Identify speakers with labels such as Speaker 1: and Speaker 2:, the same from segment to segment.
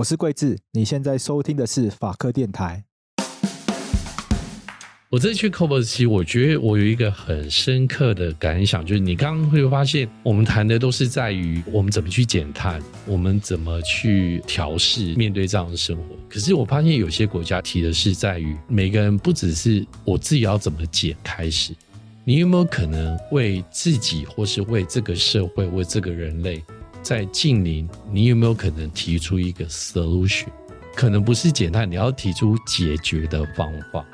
Speaker 1: 我是貴智，你現在收聽的是法客電台。
Speaker 2: 我這去 COP27，我覺得我有一個很深刻的感想，就是你剛剛會發現，我們談的都是在於我們怎麼去減碳，我們怎麼去調試面對這樣的生活。可是我發現有些國家提的是在於每個人不只是我自己要怎麼減開始，你有沒有可能為自己，或是為這個社會，為這個人類？在近年，你有沒有可能提出一個 solution？可能不是簡單，你要提出解決的方法。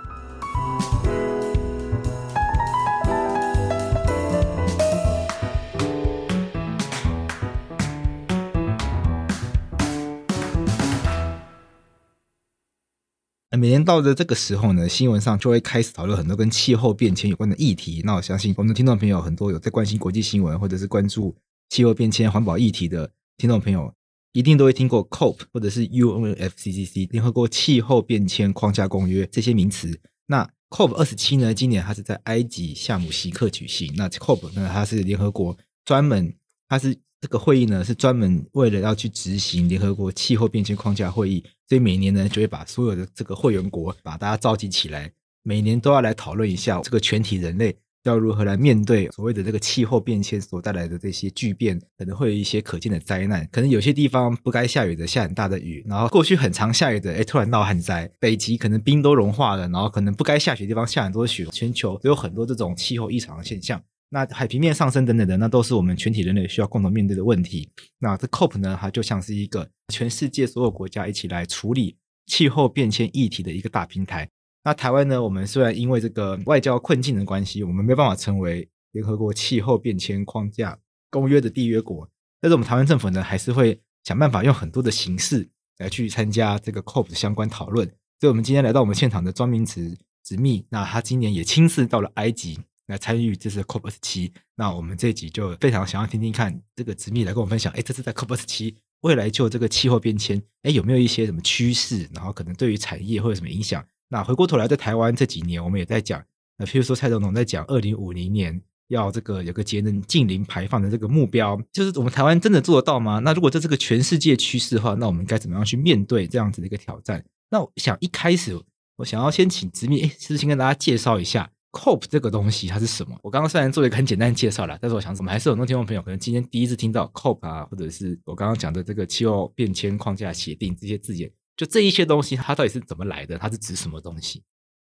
Speaker 1: 每年到了這個時候呢，新聞上就會開始討論很多跟氣候變遷有關的議題。那我相信我們聽到的聽眾朋友很多有在關心國際新聞，或者是關注。氣候變遷、環保議題的聽眾朋友，一定都會聽過 COP 或者是 UNFCCC 聯合國氣候變遷框架公約這些名詞。那 COP 二十七呢，今年它是在埃及夏姆西克舉行。那 COP 呢，它是聯合國專門，它是這個會議呢，是專門為了要去執行聯合國氣候變遷框架會議，所以每年呢，就會把所有的這個會員國，把大家召集起來，每年都要來討論一下這個全體人類。要如何來面對所謂的這個氣候變遷所帶來的這些巨變，可能會有一些可見的災難。可能有些地方不該下雨的下很大的雨，然後過去很長下雨的，哎，突然鬧旱災。北極可能冰都融化了，然後可能不該下雪的地方下很多雪。全球都有很多這種氣候異常的現象。那海平面上升等等的，那都是我們全體人類需要共同面對的問題。那這 COP 呢，它就像是一個全世界所有國家一起來處理氣候變遷議題的一個大平台。那台灣呢，我們雖然因為這個外交困境的關係，我們沒辦法成為聯合國氣候變遷框架公約的締約國，但是我們台灣政府呢，還是會想辦法用很多的形式來去參加這個 COP 的相關討論。所以，我們今天來到我們現場的莊銘池執秘，那他今年也親自到了埃及來參與這次 COP 27。那我們這一集就非常想要聽聽看，這個執秘來跟我們分享，哎、欸，這次在 COP 27未來就這個氣候變遷，哎、欸，有沒有一些什麼趨勢，然後可能對於產業會有什麼影響？那回過頭來，在台灣這幾年，我們也在講，呃，譬如說蔡總統在講二零五零年要這個有個節能淨零排放的這個目標，就是我們台灣真的做得到嗎？那如果在這個全世界趨勢的話，那我們該怎麼樣去面對這樣子的一個挑戰？那我想一開始，我想要先請執秘，其、欸、實先跟大家介紹一下 COP 這個東西它是什麼。我剛剛雖然做了一個很簡單的介紹啦，但是我想我們還是有很多聽眾朋友可能今天第一次聽到 COP 啊，或者是我剛剛講的這個氣候變遷框架協定這些字眼。就這一些東西，它到底是怎麼來的？它是指什麼東西？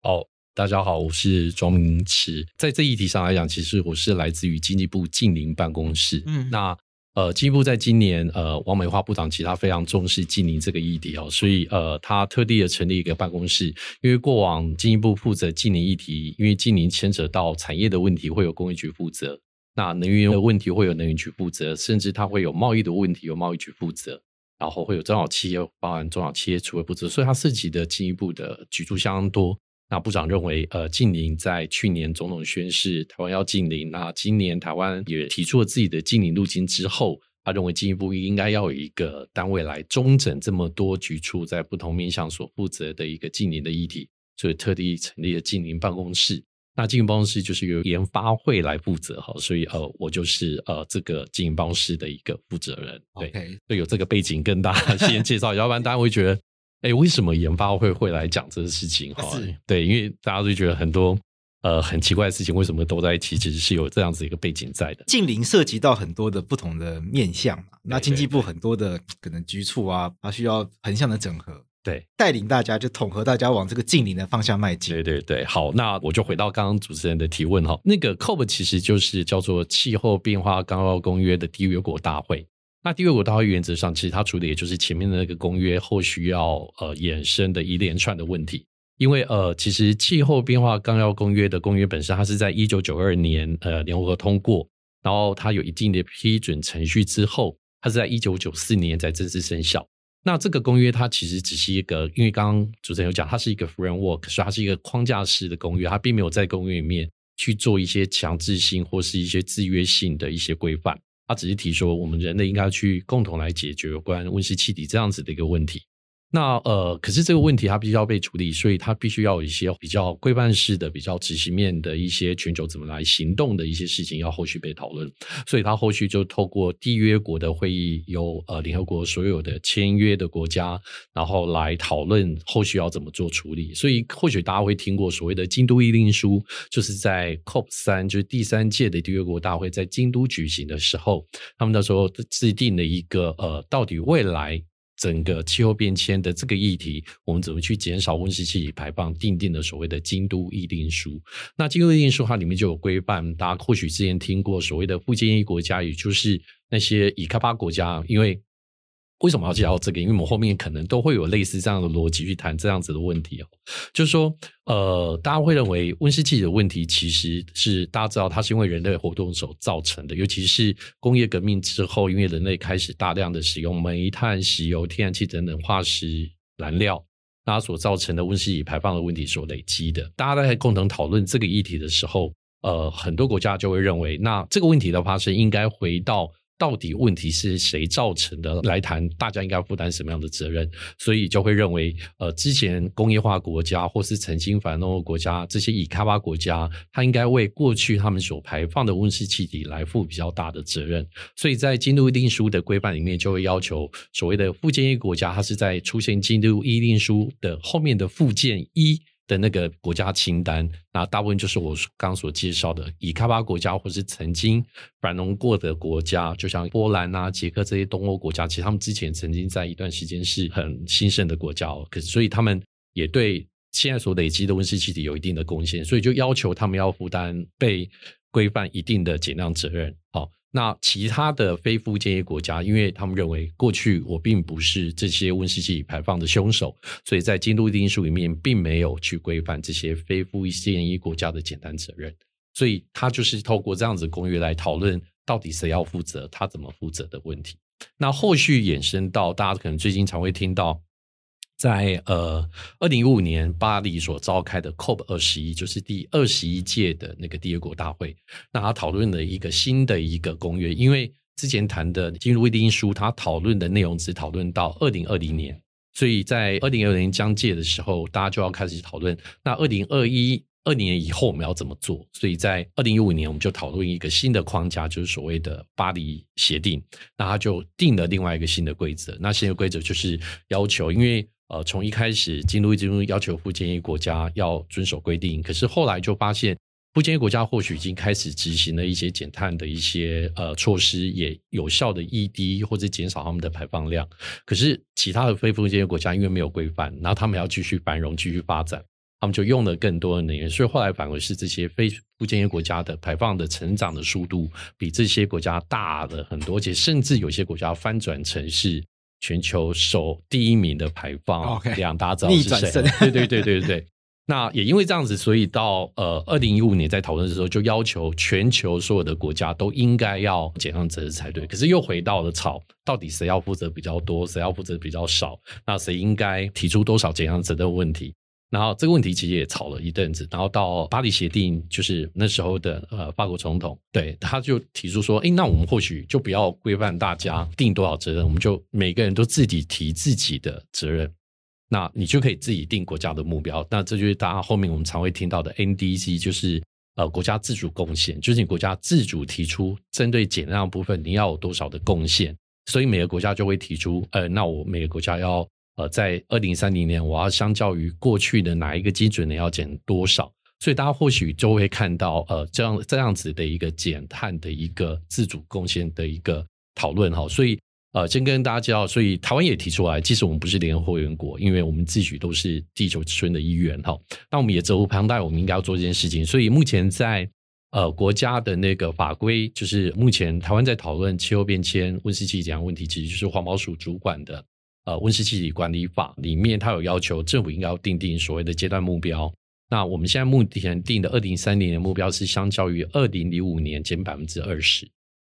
Speaker 1: 哦，大
Speaker 2: 家好，我是莊銘池。在這議題上來講，其實我是來自於經濟部淨零辦公室。嗯，那呃，經濟部在今年呃，王美花部長其實他非常重視淨零這個議題哦，所以呃，他特地的成立一個辦公室。因為過往經濟部負責淨零議題，因為淨零牽扯到產業的問題，會有工業局負責；那能源的問題會有能源局負責，甚至它會有貿易的問題由貿易局負責。然後會有中小企業，包含中小企業儲備不足，所以他涉及的進一步的局處相當多。那部長認為，呃，淨零在去年總統宣示台灣要淨零，那今年台灣也提出了自己的淨零路徑之後，他認為進一步應該要有一個單位來綜整這麼多局處在不同面向所負責的一個淨零的議題，所以特地成立了淨零辦公室。那淨零辦公室就是由研發會來負責哈，所以呃，我就是呃這個淨零辦公室的一個負責人，對，對 Okay. 有這個背景跟大家先介紹，要不然大家會覺得，哎、欸，為什麼研發會會來講這個事情哈？是對，因為大家都覺得很多呃很奇怪的事情，為什麼都在一起？其實是有這樣子一個背景在的，
Speaker 1: 淨零涉及到很多的不同的面向嘛，對對對，那經濟部很多的可能局處啊，它需要橫向的整合。對，帶領大家就統合大家往這個淨零的方向邁進。對對對，好，
Speaker 2: 那我就回到剛剛主持人的提問哈、哦。那個 COP 其實就是叫做氣候變化綱要公約的締約國大會。那締約國大會原則上，其實它處理也就是前面的那個公約後續要呃衍生的一連串的問題。因為呃，其實氣候變化綱要公約的公約本身，它是在一九九二年呃聯合國通過，然後它有一定的批准程序之後，它是在一九九四年才正式生效。那這個公約它其實只是一個，因為剛剛主持人有講，它是一個 framework，所以它是一個框架式的公約，它並沒有在公約裡面去做一些強制性或是一些制約性的一些規範，它只是提說我們人類應該去共同來解決有關溫室氣體這樣子的一個問題。那呃，可是這個問題它必須要被處理，所以它必須要有一些比較規範式的、比較執行面的一些全球怎麼來行動的一些事情要後續被討論，所以它後續就透過締約國的會議由，由呃聯合國所有的簽約的國家，然後來討論後續要怎麼做處理。所以或許大家會聽過所謂的《京都議定書》，就是在 COP 三，就是第三屆的締約國大會在京都舉行的時候，他們那時候制定了一個呃，到底未來。整個氣候變遷的這個議題，我們怎麼去減少溫室氣體排放，訂定了所謂的《京都議定書》。那《京都議定書》它裡面就有規範，大家或許之前聽過所謂的附件一國家，也就是那些已開發國家，因為。為什麼要介紹這個？因為我們後面可能都會有類似這樣的邏輯去談這樣子的問題哦、啊。就是說，呃，大家會認為溫室氣體的問題其實是大家知道，它是因為人類活動所造成的，尤其是工業革命之後，因為人類開始大量的使用煤炭、石油、天然氣等等化石燃料，那所造成的溫室氣體排放的問題所累積的。大家在共同討論這個議題的時候，呃，很多國家就會認為，那這個問題的發生應該回到。到底問題是誰造成的？來談大家應該負擔什麼樣的責任？所以就會認為，呃，之前工業化國家或是曾經繁榮的國家這些已開發國家，它應該為過去他們所排放的溫室氣體來負比較大的責任。所以在京都議定書的規範裡面，就會要求所謂的附件一國家，它是在出現京都議定書的後面的附件一。的那個國家清單，那大部分就是我剛剛所介紹的，已開發國家或是曾經繁榮過的國家，就像波蘭啊、捷克這些東歐國家，其實他們之前曾經在一段時間是很興盛的國家哦，可是所以他們也對現在所累積的溫室氣體有一定的貢獻，所以就要求他們要負擔被規範一定的減量責任。那其他的非附件一國家，因為他們認為過去我並不是這些溫室氣體排放的兇手，所以在京都議定書裡面並沒有去規範這些非附件一國家的減碳責任，所以他就是透過這樣子的公約來討論到底誰要負責，他怎麼負責的問題。那後續衍生到大家可能最近常會聽到。在呃，二零一五年巴黎所召開的 COP 二十一，就是第二十一屆的那個締約國大會。那他討論了一個新的一個公約，因為之前談的《京都議定書》，他討論的內容只討論到二零二零年，所以在二零二零年將屆的時候，大家就要開始討論。那二零二一、二年以後我們要怎麼做？所以在二零一五年，我們就討論一個新的框架，就是所謂的巴黎協定。那他就定了另外一個新的規則。那新的規則就是要求，因為呃，從一開始，京都一直要求附件一國家要遵守規定。可是後來就發現，附件一國家或許已經開始執行了一些減碳的一些呃措施，也有效的遞低，或者減少他們的排放量。可是其他的非附件一國家，因為沒有規範，然後他們要繼續繁榮、繼續發展，他們就用了更多的能源。所以後來反而是這些非附件一國家的排放的成長的速度，比這些國家大了很多，而且甚至有些國家翻轉成是。全球首第一名的排放，兩打棗是誰？對對對對對 那也因為這樣子，所以到呃二零一五年在討論的時候，就要求全球所有的國家都應該要減量責任才對。可是又回到了吵，到底誰要負責比較多，誰要負責比較少？那誰應該提出多少減量值的問題？然後這個問題其實也吵了一陣子，然後到巴黎協定，就是那時候的呃法國總統，對，他就提出說，誒，那我們或許就不要規範大家定多少責任，我們就每個人都自己提自己的責任，那你就可以自己定國家的目標。那這就是大家後面我們常會聽到的 NDC，就是呃國家自主貢獻，就是你國家自主提出針對減量部分你要有多少的貢獻，所以每個國家就會提出，呃，那我每個國家要。呃，在二零三零年，我要相較於過去的哪一個基準呢？要減多少？所以大家或許就會看到，呃，這樣這樣子的一個減碳的一個自主貢獻的一個討論哈。所以，呃，先跟大家介紹，所以台灣也提出來，即使我們不是聯合會員國，因為我們自詡都是地球村的一員哈，那我們也責無旁貸，我們應該要做這件事情。所以，目前在呃國家的那個法規，就是目前台灣在討論氣候變遷、溫室氣體這樣問題，其實就是環保署主管的。呃，溫室氣體管理法裡面，它有要求政府應該要定定所謂的階段目標。那我們現在目前定的二零三零年的目標是相較於二零零五年減百分之二十。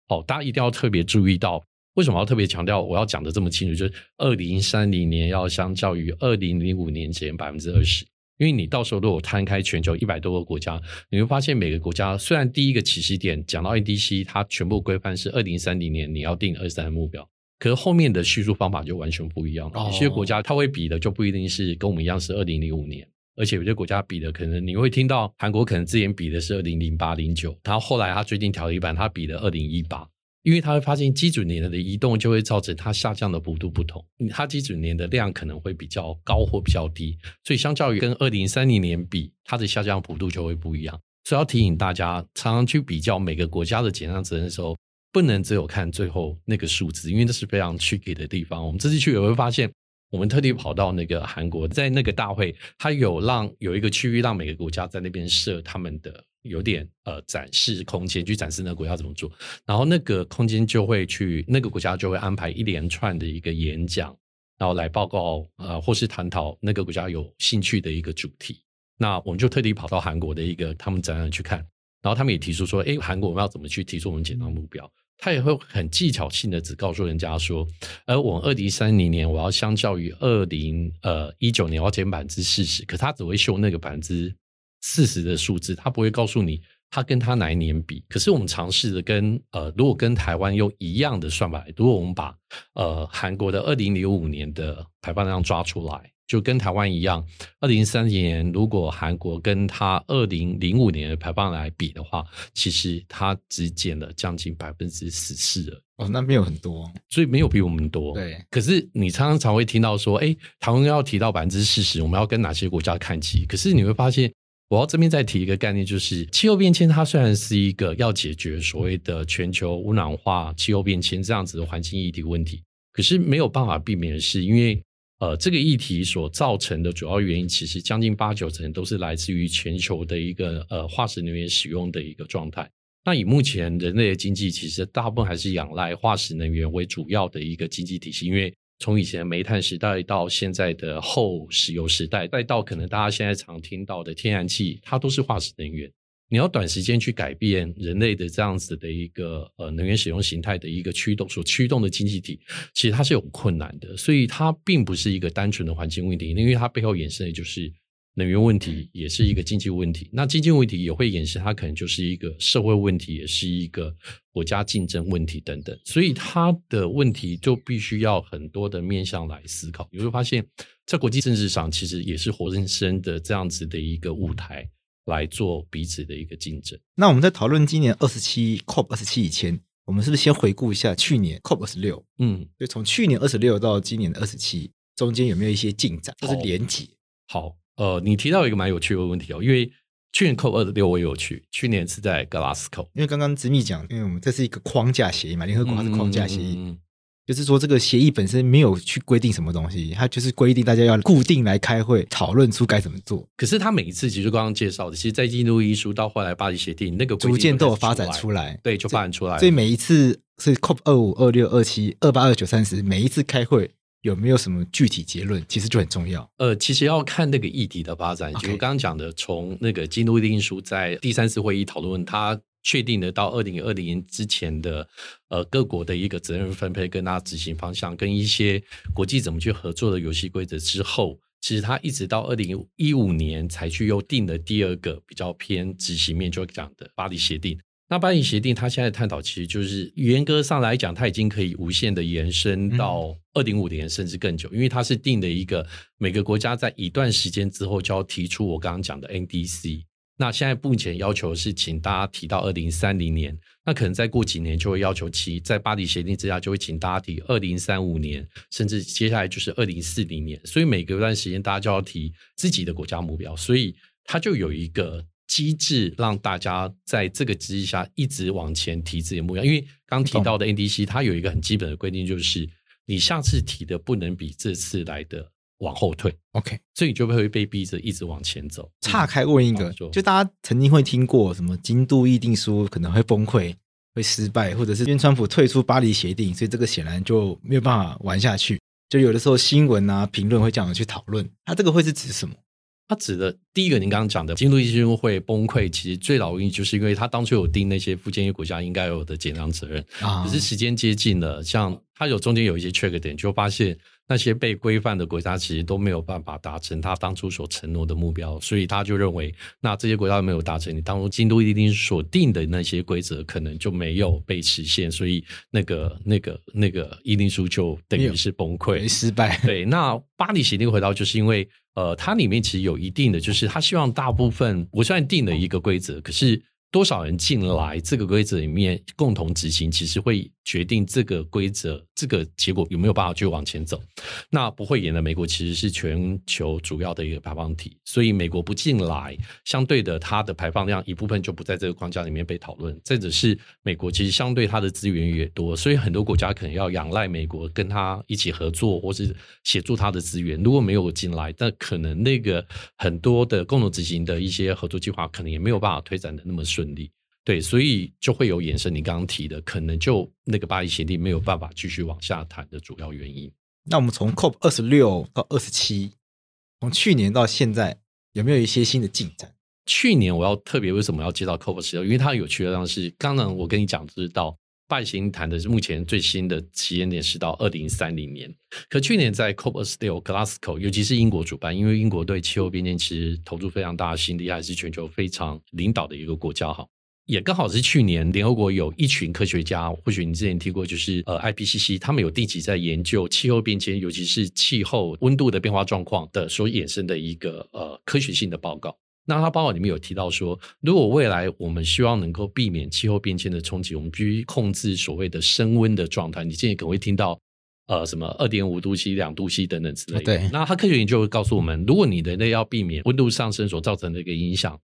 Speaker 2: 好，哦，大家一定要特別注意到，為什麼要特別強調我要講的這麼清楚？就是二零三零年要相較於二零零五年減百分之二十，嗯、因為你到時候如果攤開全球一百多個國家，你會發現每個國家雖然第一個起始點講到 NDC，它全部規範是二零三零年你要定二三的目標。可是後面的敘述方法就完全不一樣了。有些、哦、國家它會比的就不一定是跟我們一樣是二零零五年，而且有些國家比的可能你會聽到韓國可能之前比的是二零零八零九，09, 然後後來他最近調了一版他比的二零一八，因為他會發現基準年的移動就會造成它下降的幅度不同，它基準年的量可能會比較高或比較低，所以相較於跟二零三零年比，它的下降幅度就會不一樣。所以要提醒大家，常常去比較每個國家的減量責任的時候。不能只有看最後那個數字，因為這是非常 tricky 的地方。我們這次去也會發現，我們特地跑到那個韓國，在那個大會，他有讓有一個區域讓每個國家在那邊設他們的有點呃展示空間，去展示那個國家怎麼做。然後那個空間就會去那個國家就會安排一連串的一個演講，然後來報告呃或是探討那個國家有興趣的一個主題。那我們就特地跑到韓國的一個他們展覽去看，然後他們也提出說，哎、欸，韓國我們要怎麼去提出我們減碳目標？他也會很技巧性的只告訴人家說，而我二零三零年我要相較於二零呃一九年要減百分之四十，可是他只會秀那個百分之四十的數字，他不會告訴你他跟他哪一年比。可是我們嘗試着跟呃，如果跟台灣用一樣的算法，如果我們把呃韓國的二零零五年的排放量抓出來。就跟台灣一樣，二零一三年如果韓國跟它二零零五年的排放來比的話，其實它只減了將近百分之十四了。哦，那沒有很多，所以沒有比我們多。對，可是你常常會聽到說，哎、欸，台灣要提到百分之四十，我們要跟哪些國家看齊？可是你會發現，我要這邊再提一個概念，就是氣候變遷，它雖然是一個要解決所謂的全球污染化、氣候變遷這樣子的環境議題問題，可是沒有辦法避免的是因為。呃，這個議題所造成的主要原因，其實將近八九成都是來自於全球的一個呃化石能源使用的一個狀態。那以目前人類的經濟，其實大部分還是仰賴化石能源為主要的一個經濟體系。因為從以前的煤炭時代到現在的後石油時代，再到可能大家現在常聽到的天然氣，它都是化石能源。你要短時間去改變人類的這樣子的一個呃能源使用形態的一個驅動所驅動的經濟體，其實它是有困難的，所以它並不是一個單純的環境問題，因為它背後衍生的就是能源問題，也是一個經濟問題。那經濟問題也會衍生它可能就是一個社會問題，也是一個國家競爭問題等等，所以它的問題就必須要很多的面向來思考。你會發現，在國際政治上，其實也是活生生的這樣子的一個舞台，來做彼此的一個競爭。
Speaker 1: 那我們在討論今年二十七 COP 二十七以前，我們是不是先回顧一下去年 COP 二十六？嗯，對，從去年二十六到今年的二十七中間有沒有一些進展？好就是連結。好，呃，你提到一個蠻有趣的問題哦，因為去
Speaker 2: 年 COP 二十六我也有去，去年是在格拉斯哥，
Speaker 1: 因為剛剛執秘講，因為我們這是一個框架協議嘛，聯合國的框架協議。嗯嗯就是說，這個協議本身沒有去規定什麼東西，它就是規定大家要固定來開會，討論出該怎麼做。
Speaker 2: 可是他每一次，其實剛剛介紹的，其實在《京都議定書》到後來《巴黎協定》，那個逐漸都有發展出來，對，就發展出來所。所以每
Speaker 1: 一次是 COP 二五、二六、二七、二八、二九、三十，每一次開會有沒有什麼具體結論，其實就很重要。
Speaker 2: 呃，其實要看那個議題的發展，就我 Okay. 剛剛講的，從那個《京都議定書》在第三次會議討論它。他確定的到二零二零年之前的，呃，各國的一個責任分配跟它執行方向，跟一些國際怎麼去合作的遊戲規則之後，其實它一直到二零一五年才去又定了第二個比較偏執行面就講的巴黎協定。那巴黎協定它現在探討，其實就是嚴格上來講，它已經可以無限的延伸到二零五零年甚至更久，嗯、因為它是定的一個每個國家在一段時間之後就要提出我剛剛講的 NDC。那現在目前要求是，請大家提到二零三零年，那可能再過幾年就會要求其，在巴黎協定之下就會請大家提二零三五年，甚至接下來就是二零四零年。所以每隔一段時間大家就要提自己的國家目標，所以它就有一個機制，讓大家在這個機制下一直往前提自己的目標。因為剛，剛提到的 NDC，它有一個很基本的規定，就是你上次提的不能比這次來的往後退，OK，所以你就會被，被逼着一直往前走。
Speaker 1: 岔開問一個，嗯、就，就大家曾經會聽過什麼《京都議定書》可能會崩潰、會失敗，或者是因為川普退出巴黎協定，所以這個顯然就沒有辦法玩下去。就有的時候新聞啊、評論會這樣去討論，它、啊、這個會是指什麼？
Speaker 2: 它指的第一個，您剛剛講的《京都議定書》會崩潰，其實最老原因就是因為它當初有定那些附件一國家應該有的減量責任，啊、可是時間接近了，像它有中間有一些缺個點，down, 就發現。那些被規範的國家其實都沒有辦法達成他當初所承諾的目標，所以他就認為，那這些國家沒有達成，你當初京都議定書所定的那些規則可能就沒有被實現，所以那個那個那個議定書就等於是崩潰、失敗。對，那巴黎協定回到就是因為，呃，它裡面其實有一定的，就是他希望大部分我雖然定了一個規則，嗯、可是。多少人進來這個規則裡面共同執行，其實會決定這個規則這個結果有沒有辦法去往前走。那不會演的，美國其實是全球主要的一個排放體，所以美國不進來，相對的它的排放量一部分就不在這個框架裡面被討論。再者是美國其實相對它的資源也多，所以很多國家可能要仰賴美國跟他一起合作，或是協助他的資源。如果沒有進來，但可能那個很多的共同執行的一些合作計劃，可能也沒有辦法推展的那麼順。順利，對，所以就會有衍生。你剛剛提的，可能就那個巴黎協定沒有辦法繼續往下談的主要原因。
Speaker 1: 那我們從 COP 二十六到二十七，從去年到現在，有沒有一些新的進展？去年我
Speaker 2: 要特別為什麼要介紹 COP 二十六？因為它有趣的地方是，剛剛我跟你講，就是到。外型談的是目前最新的起源點年是到二零三零年，可去年在 COP 二十六 Glasgow，尤其是英國主辦，因為英國對氣候變遷其實投入非常大，心力還是全球非常領導的一個國家。哈。也剛好是去年聯合國有一群科學家，或許你之前聽過，就是呃 IPCC，他們有定期在研究氣候變遷，尤其是氣候溫度的變化狀況的所衍生的一個呃科學性的報告。那它報告裡面有提到說，如果未來我們希望能夠避免氣候變遷的衝擊，我們必須控制所謂的升溫的狀態。你今天也可能會聽到呃什麼二點五度 C、兩度 C 等等之類的。對，Okay. 那它科學研究會告訴我們，如果你人類要避免溫度上升所造成的一個影響。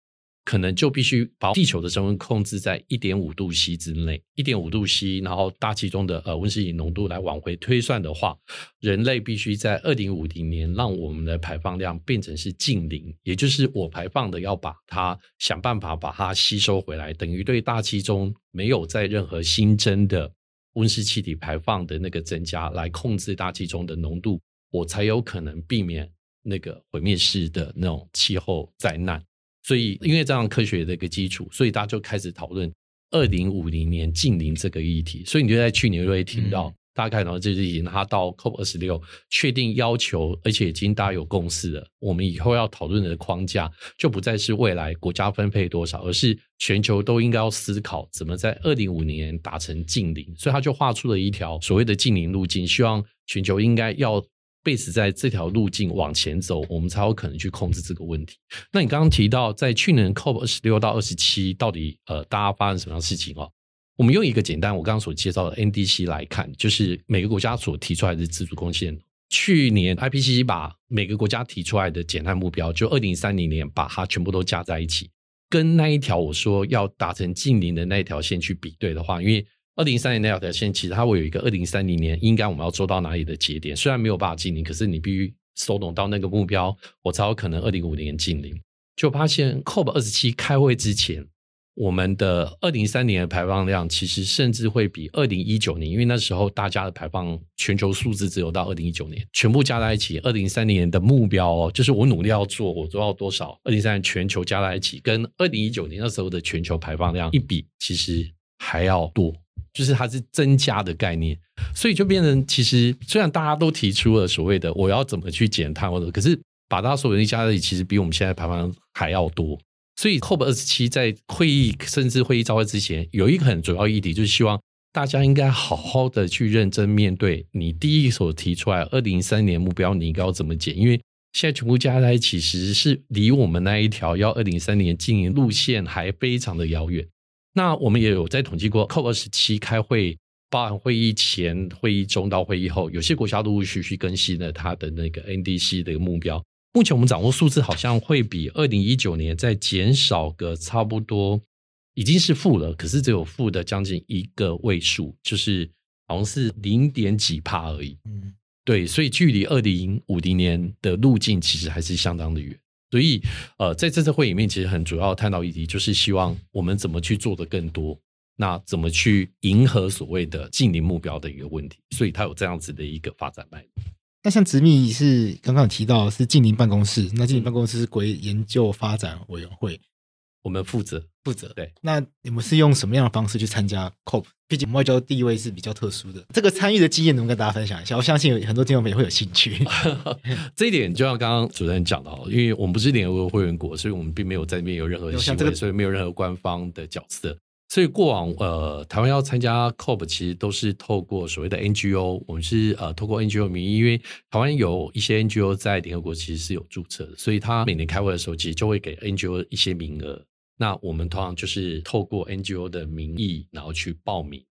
Speaker 2: 可能就必須把地球的升溫控制在一點五度 C 之內，一點五度 C，然後大氣中的呃溫室氣體濃度來往回推算的話，人類必須在二零五零年讓我們的排放量變成是近零，也就是我排放的要把它想辦法把它吸收回來，等於對大氣中沒有在任何新增的溫室氣體排放的那個增加來控制大氣中的濃度，我才有可能避免那個毀滅式的那種氣候災難。所以，因為這樣科學的一個基礎，所以大家就開始討論二零五零年淨零這個議題。所以，你就在去年就會聽到，嗯、大概呢，就是已經拿到 COP 二十六確定要求，而且已經大家有共識了。我們以後要討論的框架，就不再是未來國家分配多少，而是全球都應該要思考怎麼在二零五零年達成淨零。所以，他就畫出了一條所謂的淨零路徑，希望全球應該要。base 在這條路徑往前走，我們才有可能去控制這個問題。那你剛剛提到，在去年 COP 二十六到二十七，到底呃，大家發生什麼樣事情哦？我們用一個簡單，我剛剛所介紹的 NDC 來看，就是每個國家所提出來的自主貢獻。去年 IPCC 把每個國家提出來的減碳目標，就二零三零年，把它全部都加在一起，跟那一條我說要達成淨零的那一條線去比對的話，因為。二零三零年的線，其實它會有一個二零三零年應該我們要做到哪裡的節點，雖然沒有辦法淨零，可是你必須收攏到那個目標，我才有可能二零五零年淨零。就發現 COP27 開會之前，我們的二零三零年的排放量其實甚至會比二零一九年，因為那時候大家的排放全球數字只有到二零一九年全部加在一起，二零三零年的目標哦，就是我努力要做，我做到多少？二零三零年全球加在一起，跟二零一九年那時候的全球排放量一比，其實還要多。就是它是增加的概念，所以就變成其實雖然大家都提出了所謂的我要怎麼去減碳或者，可是把它所有東西加在一起，其實比我們現在排放還要多。所以 COP 二十七在會議甚至會議召開之前，有一個很主要議題，就是希望大家應該好好的去認真面對你第一所提出來二零三零年目標，你應該要怎麼減？因為現在全部加在一起，其實是離我們那一條要二零三零年經營路線還非常的遙遠。那我們也有在統計過，COP27 開會，包含會議前、會議中到會議後，有些國家陸陸續續更新了它的那個 NDC 的一個目標。目前我們掌握數字好像會比二零一九年再減少個差不多，已經是負了，可是只有負的將近一個位數，就是好像是零點幾趴而已。嗯，對，所以距離二零五零年的路徑其實還是相當的遠。所以，呃，在這次會議裡面其實很主要探討議題，就是希望我們怎麼去做的更多，那怎麼去迎合所謂的淨零目標的一個問題，所以它有這樣子的一個發展脈絡。
Speaker 1: 那像執秘是剛剛有提到是淨零辦公室，那淨零辦公室是國研究發展委員會。我們負責負責對。那你們是用什麼樣的方式去參加 COP？畢竟我們外交的地位是比較特殊的，這個參與的經驗能跟大家分享一下。我相信有很多聽友們也會有興趣。 這
Speaker 2: 一點就像剛剛主持人講到，因為我們不是聯合國會員國，所以我們並沒有在那邊有任何席位，這個、所以沒有任何官方的角色。所以過往呃，台灣要參加 COP，其實都是透過所謂的 NGO。我們是呃透過 NGO 名義，因為台灣有一些 NGO 在聯合國其實是有註冊的，所以他每年開會的時候，其實就會給 NGO 一些名額。那我們通常就是透過 NGO 的名義，然後去報名，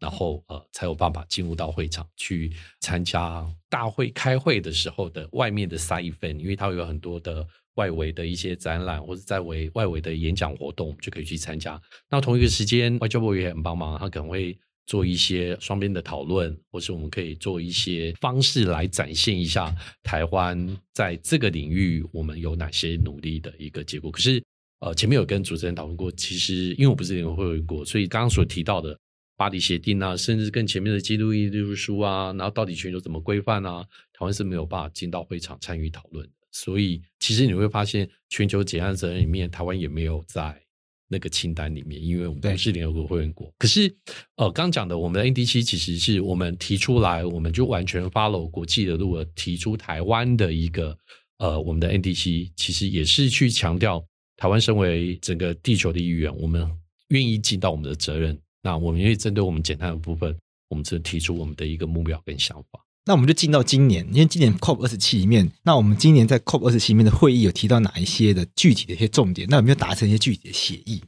Speaker 2: 然後呃，才有辦法進入到會場去參加大會開會的時候的外面的 s 一 d 因為它會有很多的外圍的一些展覽，或者在圍外圍的演講活動，就可以去參加。那同一個時間，外交部也很幫忙，他可能會做一些雙邊的討論，或是我們可以做一些方式來展現一下台灣在這個領域我們有哪些努力的一個結果。可是。呃，前面有跟主持人討論過，其實因為我不是聯合國會員國，所以剛剛所提到的巴黎協定啊，甚至跟前面的《京都議定書》啊，然後到底全球怎麼規範啊，台灣是沒有辦法進到會場參與討論的。所以其實你會發現，全球減碳責任裡面，台灣也沒有在那個清單裡面，因為我們不是聯合國會員國。對可是，呃，剛講的我們的 NDC 其實是我們提出來，我們就完全 follow 國際的路，提出台灣的一個呃，我們的 NDC 其實也是去強調。台灣身為整個地球的一員，我們願意盡到我們的責任。那我們願意針對我們減碳的部分，我們只提出我們的一個目標跟想法。
Speaker 1: 那我們就進到今年，因為今年 COP 二十七裡面，那我們今年在 COP 二十七裡面的會議有提到哪一些的具體的一些重點？那有沒有達成一些具體的協議？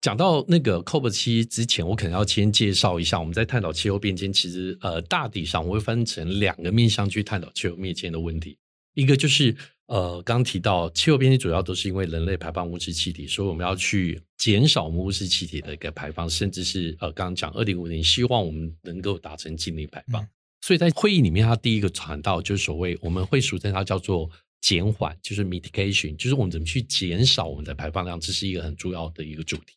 Speaker 2: 講到那個 COP 七之前，我可能要先介紹一下，我們在探討氣候變遷，其實呃大體上我會分成兩個面向去探討氣候變遷的問題，一個就是。呃，剛提到氣候變遷主要都是因為人類排放溫室氣體，所以我們要去減少我們溫室氣體的一個排放，甚至是呃，剛剛講二零五零，希望我們能夠達成淨零排放。嗯。所以在會議裡面，它第一個談到就是所謂我們會俗稱它叫做減緩，就是 mitigation，就是我們怎麼去減少我們的排放量，這是一個很重要的一個主題。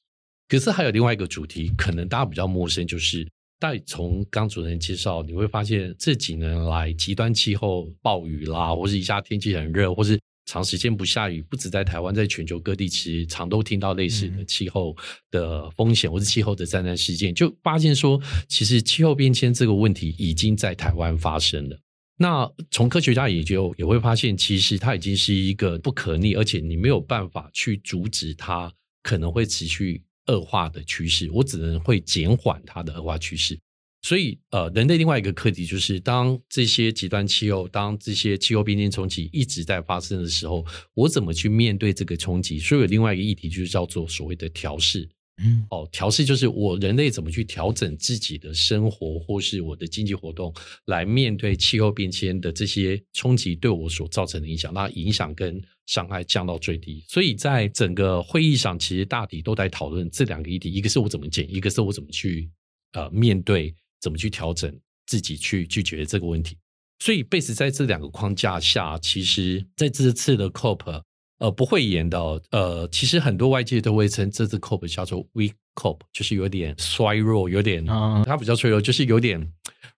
Speaker 2: 可是還有另外一個主題，可能大家比較陌生，就是。但從剛主持人介紹，你會發現這幾年來極端氣候、暴雨啦，或是一下天氣很熱，或是長時間不下雨，不止在台灣，在全球各地其實常都聽到類似的氣候的風險，或是氣候的災難事件，就發現說，其實氣候變遷這個問題已經在台灣發生了。那從科學家研究也會發現，其實它已經是一個不可逆，而且你沒有辦法去阻止它，可能會持續。惡化的趨勢，我只能會減緩它的惡化趨勢。所以，呃，人類另外一個課題就是，當這些極端氣候、當這些氣候變遷衝擊一直在發生的時候，我怎麼去面對這個衝擊？所以，有另外一個議題就是叫做所謂的調適。嗯，哦，調適就是我人類怎麼去調整自己的生活，或是我的經濟活動，來面對氣候變遷的這些衝擊對我所造成的影響。那影響跟傷害降到最低，所以在整個會議上，其實大體都在討論這兩個議題，一個是我怎麼減，一個是我怎麼去呃面對，怎麼去調整自己去解決這個問題。所以，base 在這兩個框架下，其實在這次的 COP，呃，不會演到呃，其實很多外界都會稱這次 COP 叫做 Weak COP，就是有點衰弱，有點、嗯、它比較衰弱，就是有點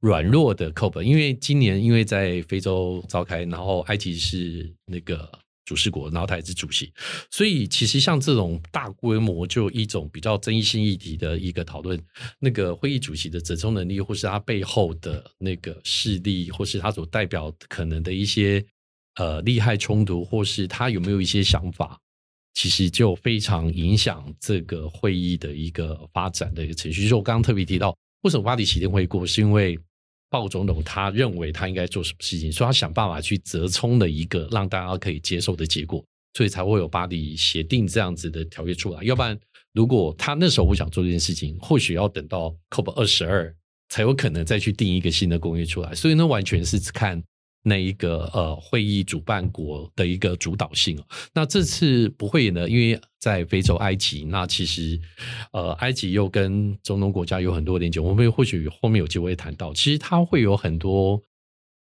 Speaker 2: 軟弱的 COP。因為今年因為在非洲召開，然後埃及是那個。主事國，然後他也是主席，所以其實像這種大規模就一種比較爭議性議題的一個討論，那個會議主席的折衝能力，或是他背後的那個勢力，或是他所代表可能的一些呃利害衝突，或是他有沒有一些想法，其實就非常影響這個會議的一個發展的一個程序。就我剛剛特別提到，為什麼巴黎協定會過，是因為。鮑總統他認為他應該做什麼事情，所以他想辦法去折衝的一個讓大家可以接受的結果，所以才會有巴黎協定這樣子的條約出來。要不然，如果他那時候不想做這件事情，或許要等到 COP 二十二，才有可能再去定一個新的公約出來。所以那完全是看。那一個呃，會議主辦國的一個主導性，那這次不會呢？因為在非洲埃及，那其實呃，埃及又跟中東國家有很多連結，我們或許後面有機會談到，其實它會有很多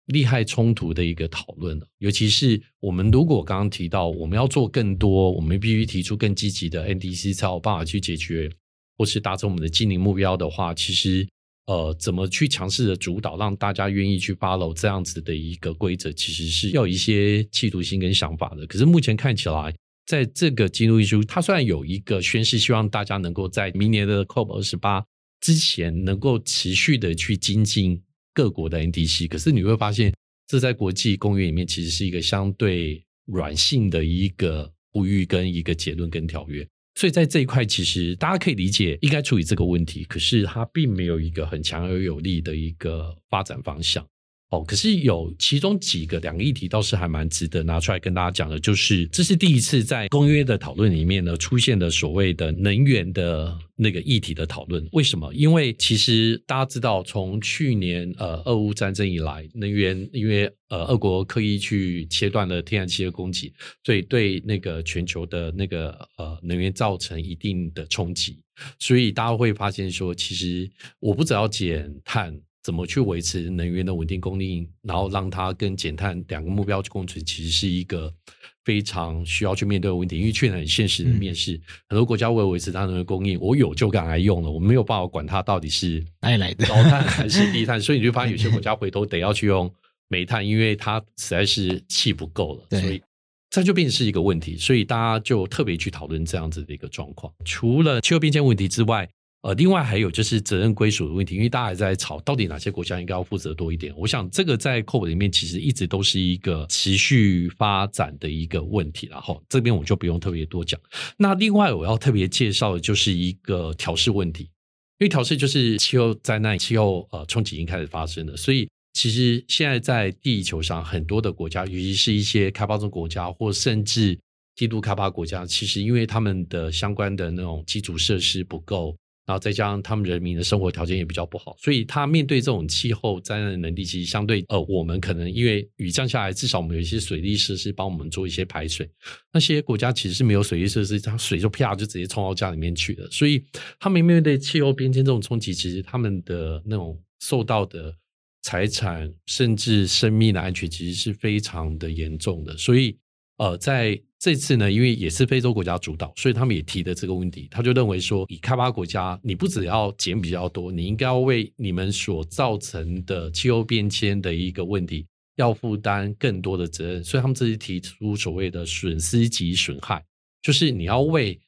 Speaker 2: 利害衝突的一個討論。尤其是我們如果剛剛提到我們要做更多，我們必須提出更積極的 NDC 才有辦法去解決，或是達成我們的淨零目標的話，其實。呃，怎麼去強勢的主導，讓大家願意去 follow 這樣子的一個規則，其實是要有一些企圖心跟想法的。可是目前看起來，在這個決議書，它雖然有一個宣示，希望大家能夠在明年的 COP 二十八之前，能夠持續的去精進各國的 NDC，可是你會發現，這在國際公約裡面，其實是一個相對軟性的一個呼籲跟一個結論跟條約。所以在這一塊，其實大家可以理解，應該處理這個問題，可是它並沒有一個很強而有力的一個發展方向。哦，可是有其中幾個兩個議題倒是還蠻值得拿出來跟大家講的，就是這是第一次在公約的討論裡面呢，出現的所謂的能源的那個議題的討論。為什麼？因為其實大家知道，從去年呃俄烏戰爭以來，能源因為呃俄國刻意去切斷了天然氣的供給，所以對那個全球的那個呃能源造成一定的衝擊。所以大家會發現說，其實我不只要減碳。怎麼去維持能源的穩定供應，然後讓它跟減碳兩個目標去共存，其實是一個非常需要去面對的問題。因為確實很現實的面試，嗯、很多國家為了維持它的能源供應，我有就敢來用了，我沒有辦法管它到底是
Speaker 1: 哪來的，高碳還是
Speaker 2: 低碳， 所以你就發現有些國家回頭得要去用煤炭，嗯、因為它實在是氣不夠了，對所以這就變成是一個問題。所以大家就特別去討論這樣子的一個狀況。除了氣候變遷問題之外，呃，另外還有就是責任歸屬的問題，因為大家還在吵到底哪些國家應該要負責多一點。我想這個在 COP 裡面其實一直都是一個持續發展的一個問題，然後這邊我就不用特別多講。那另外我要特別介紹的就是一個調試問題，因為調試就是氣候災難、氣候呃衝擊已經開始發生了，所以其實現在在地球上很多的國家，尤其是一些開發中國家或甚至低度開發國家，其實因為他們的相關的那種基礎設施不夠。然後再加上他們人民的生活條件也比較不好，所以他面對這種氣候災難的能力其實相對，呃，我們可能因為雨降下來，至少我們有一些水利設施幫我們做一些排水。那些國家其實是沒有水利設施，它水就啪就直接衝到家裡面去了。所以他們面對氣候變遷這種衝擊，其實他們的那種受到的財產甚至生命的安全其實是非常的嚴重的。所以。呃，在這次呢，因為也是非洲國家主導，所以他們也提的這個問題，他就認為說，已開發國家，你不只要減比較多，你應該要為你們所造成的氣候變遷的一個問題，要負擔更多的責任。所以他們這次提出所謂的損失及損害，就是你要為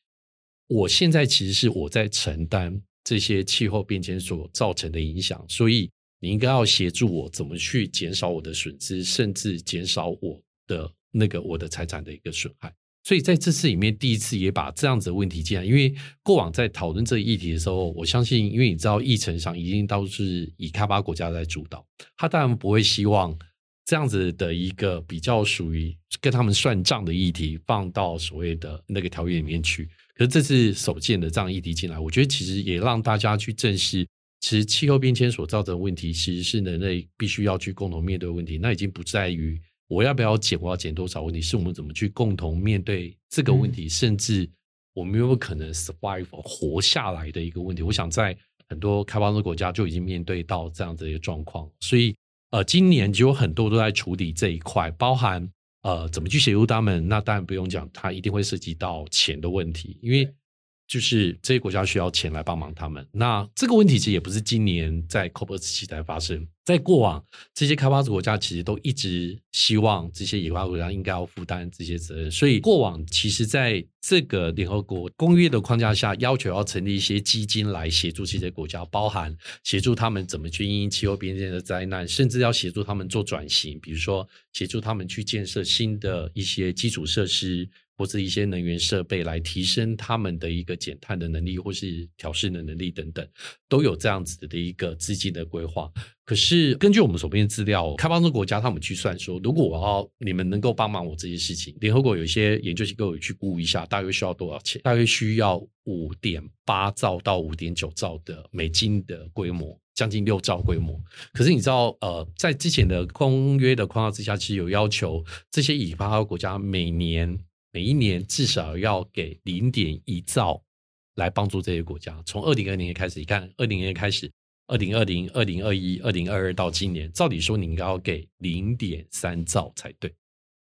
Speaker 2: 我現在其實是我在承擔這些氣候變遷所造成的影響，所以你應該要協助我怎麼去減少我的損失，甚至減少我的。那個我的財產的一個損害，所以在這次裡面，第一次也把這樣子的問題進來。因為過往在討論這個議題的時候，我相信，因為你知道，議程上一定都是以開發國家來主導，他當然不會希望這樣子的一個比較屬於跟他們算賬的議題放到所謂的那個條約裡面去。可是這次首見的這樣的議題進來，我覺得其實也讓大家去正視，其實氣候變遷所造成的問題，其實是人類必須要去共同面對的問題。那已經不在於。我要不要減？我要減多少？問題是我們怎麼去共同面對這個問題，嗯、甚至我們有沒有可能 survive 活下來的一個問題？我想在很多開發中國家就已經面對到這樣的一個狀況，所以呃，今年就有很多都在處理這一塊，包含呃怎麼去協助他們。那當然不用講，它一定會涉及到錢的問題，因為。就是這些國家需要錢來幫忙他們。那這個問題其實也不是今年在 COP27 期間發生，在過往這些開發中國家其實都一直希望這些演外國家應該要負擔這些責任。所以過往其實，在這個聯合國公約的框架下，要求要成立一些基金來協助這些國家，包含協助他們怎麼去因應對氣候變遷的災難，甚至要協助他們做轉型，比如說協助他們去建設新的一些基礎設施。或是一些能源設備來提升他們的一個減碳的能力，或是調適的能力等等，都有這樣子的一個資金的規劃。可是根據我們手邊資料，開發中國家他們去算說，如果我要你們能夠幫忙我這些事情，聯合國有一些研究機構去估一下，大約需要多少錢？大約需要五點八兆到五點九兆的美金的規模，將近六兆規模。可是你知道，呃，在之前的公約的框架之下，其實有要求這些已開發國家每年。每一年至少要給零點一兆來幫助這些國家。從二零二零年開始，你看二零年開始2020，二零二零、二零二一、二零二二到今年，照理說你應該要給零點三兆才對，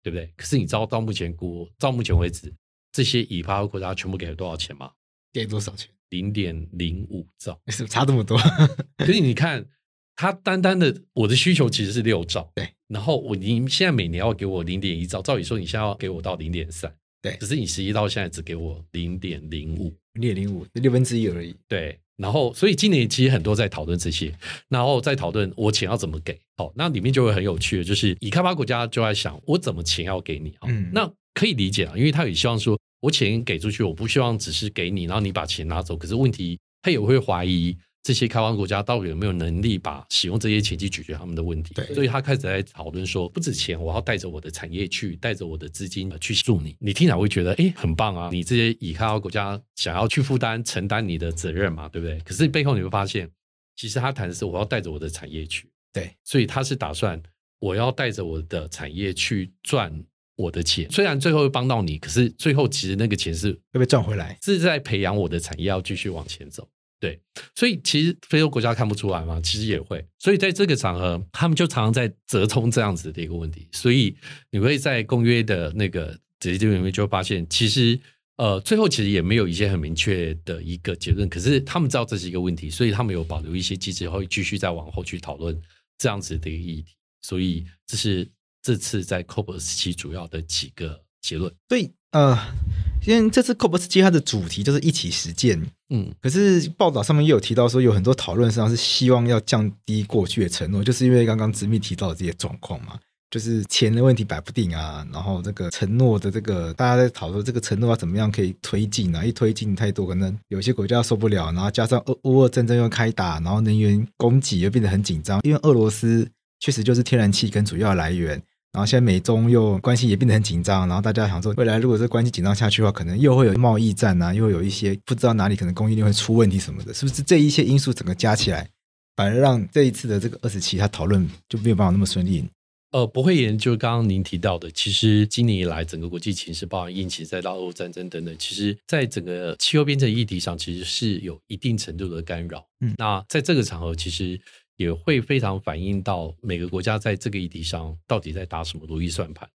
Speaker 2: 對不對？可是你知道到目前國到目前為止，這些已發達國家全部給了多少錢嗎？給多少錢？零點零五兆，為什麼差這麼多？ 可是你看，它，單單的我的需求其實是六兆，對。然後我你現在每年要給我零點一兆，照理說你現在要給我到零點三。對，只是你實一到現在只給我零點零五，
Speaker 1: 零點零五，六分之一而已。
Speaker 2: 對，然後所以今年其實很多在討論這些，然後在討論我錢要怎麼給。好、哦，那裡面就會很有趣的，就是已開發國家就在想我怎麼錢要給你、哦、嗯，那可以理解啊，因為他也希望說我錢給出去，我不希望只是給你，然後你把錢拿走。可是問題他也會懷疑。這些開發國家到底有沒有能力把使用這些錢去解決他們的問題？對，所以他開始在討論說，不止錢，我要帶着我的產業去，帶着我的資金去助你。你聽起來會覺得，哎，很棒啊！你這些已開發國家想要去負擔、承擔你的責任嘛，對不對？可是背後你會發現，其實他談的是我要帶着我的產業去。對，所以他是打算我要帶着我的產業去賺我的錢，雖然最後會幫到你，可是最後其實那個錢是
Speaker 1: 會被賺回來，
Speaker 2: 是在培養我的產業要繼續往前走。對，所以其實非洲國家看不出來嘛，其實也會。所以在這個場合，他們就常常在折衝這樣子的一個問題。所以你會在公約的那個直接裡面就會發現，其實呃，最後其實也沒有一些很明確的一個結論。可是他們知道這是一個問題，所以他們有保留一些機制，後會繼續再往後去討論這樣子的一個議題。所以這是這次在 COP27 主要的幾個結論。
Speaker 1: 對，嗯。呃因為這次 COP 不是接它的主題，就是一起實踐。嗯，可是報道上面也有提到說，有很多討論實際上是希望要降低過去的承諾，就是因為剛剛執秘提到的這些狀況嘛，就是錢的問題擺不定啊，然後這個承諾的這個大家在討論這個承諾要怎麼樣可以推進啊，一推進太多可能有些國家受不了，然後加上烏俄戰爭又開打，然後能源供給又變得很緊張，因為俄羅斯確實就是天然氣跟主要的來源。然後現在美中又關係也變得很緊張，然後大家想說，未來如果這關係緊張下去的話，可能又會有貿易戰啊，又會有一些不知道哪裡可能供應鏈會出問題什麼的，是不是？這一些因素整個加起來，反而讓這一次的這個二十七他討論就沒有辦法那麼順利。
Speaker 2: 呃，不會言，嚴就是剛剛您提到的，其實今年以來整個國際情勢，包括疫情再到俄烏戰爭等等，其實在整個氣候變遷議題上，其實是有一定程度的干擾。嗯，那在這個場合，其實。也會非常反映到每個國家在這個議題上到底在打什麼如意算盤，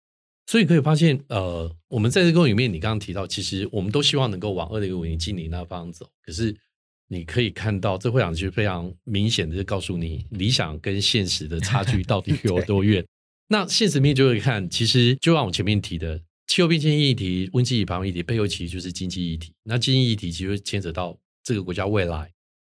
Speaker 2: 所以可以發現，呃，我們在這個裡面，你剛剛提到，其實我們都希望能夠往二零五零淨零那方向走。可是你可以看到，這會場其實非常明顯的就告訴你，理想跟現實的差距到底有多遠。 對那現實面就會看，其實就按我前面提的，氣候變遷議，議，議題、溫氣排放議題背後其實就是經濟議題。那經濟議題其實牽扯到這個國家未來。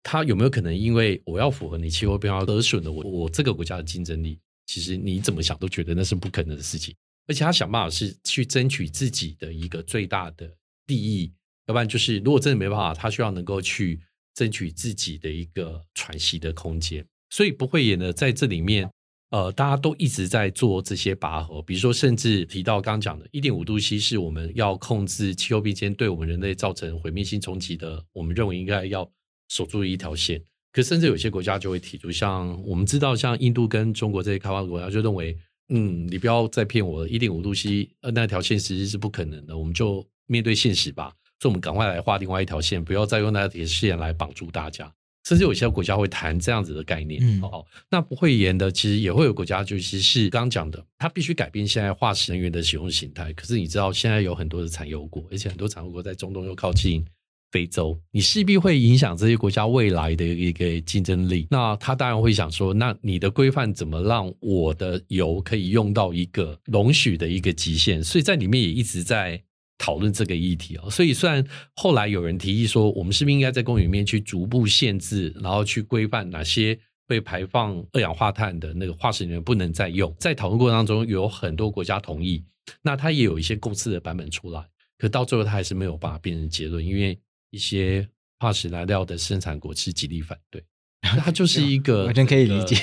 Speaker 2: 他有沒有可能因為我要符合你氣候變化而損了我，我這個國家的競爭力，其實你怎麼想都覺得那是不可能的事情。而且他想辦法是去爭取自己的一個最大的利益，要不然就是如果真的沒辦法，他需要能夠去爭取自己的一個喘息的空間。所以不會也呢，在這裡面，呃，大家都一直在做這些拔河，比如說甚至提到剛講的一點五度 C 是我們要控制氣候變遷對我們人類造成毀滅性衝擊的，我們認為應該要。守住一條線，可甚至有些國家就會提出，像我們知道，像印度跟中國這些開發國家就認為，嗯，你不要再騙我了一點五度 C，呃，那條線其實是不可能的，我們就面對現實吧。所以，我們趕快來畫另外一條線，不要再用那條線來綁住大家。甚至有些國家會談這樣子的概念。嗯、哦，那不會延的，其實也會有國家，就是是剛講的，它必須改變現在化石能源的使用形態。可是你知道，現在有很多的產油國，而且很多產油國在中東又靠近。非洲，你勢必會影響這些國家未來的一個競爭力。那他當然會想說，那你的規範怎麼讓我的油可以用到一個容許的一個極限？所以在裡面也一直在討論這個議題哦、喔。所以雖然後來有人提議說，我們是不是應該在公約裡面去逐步限制，然後去規範哪些被排放二氧化碳的那個化石能源不能再用？在討論過程當中，有很多國家同意，那他也有一些共識的版本出來，可到最後他還是沒有辦法變成結論，因為。一些化石燃料的生產國是極力反對，那它就是一個完全可以理解，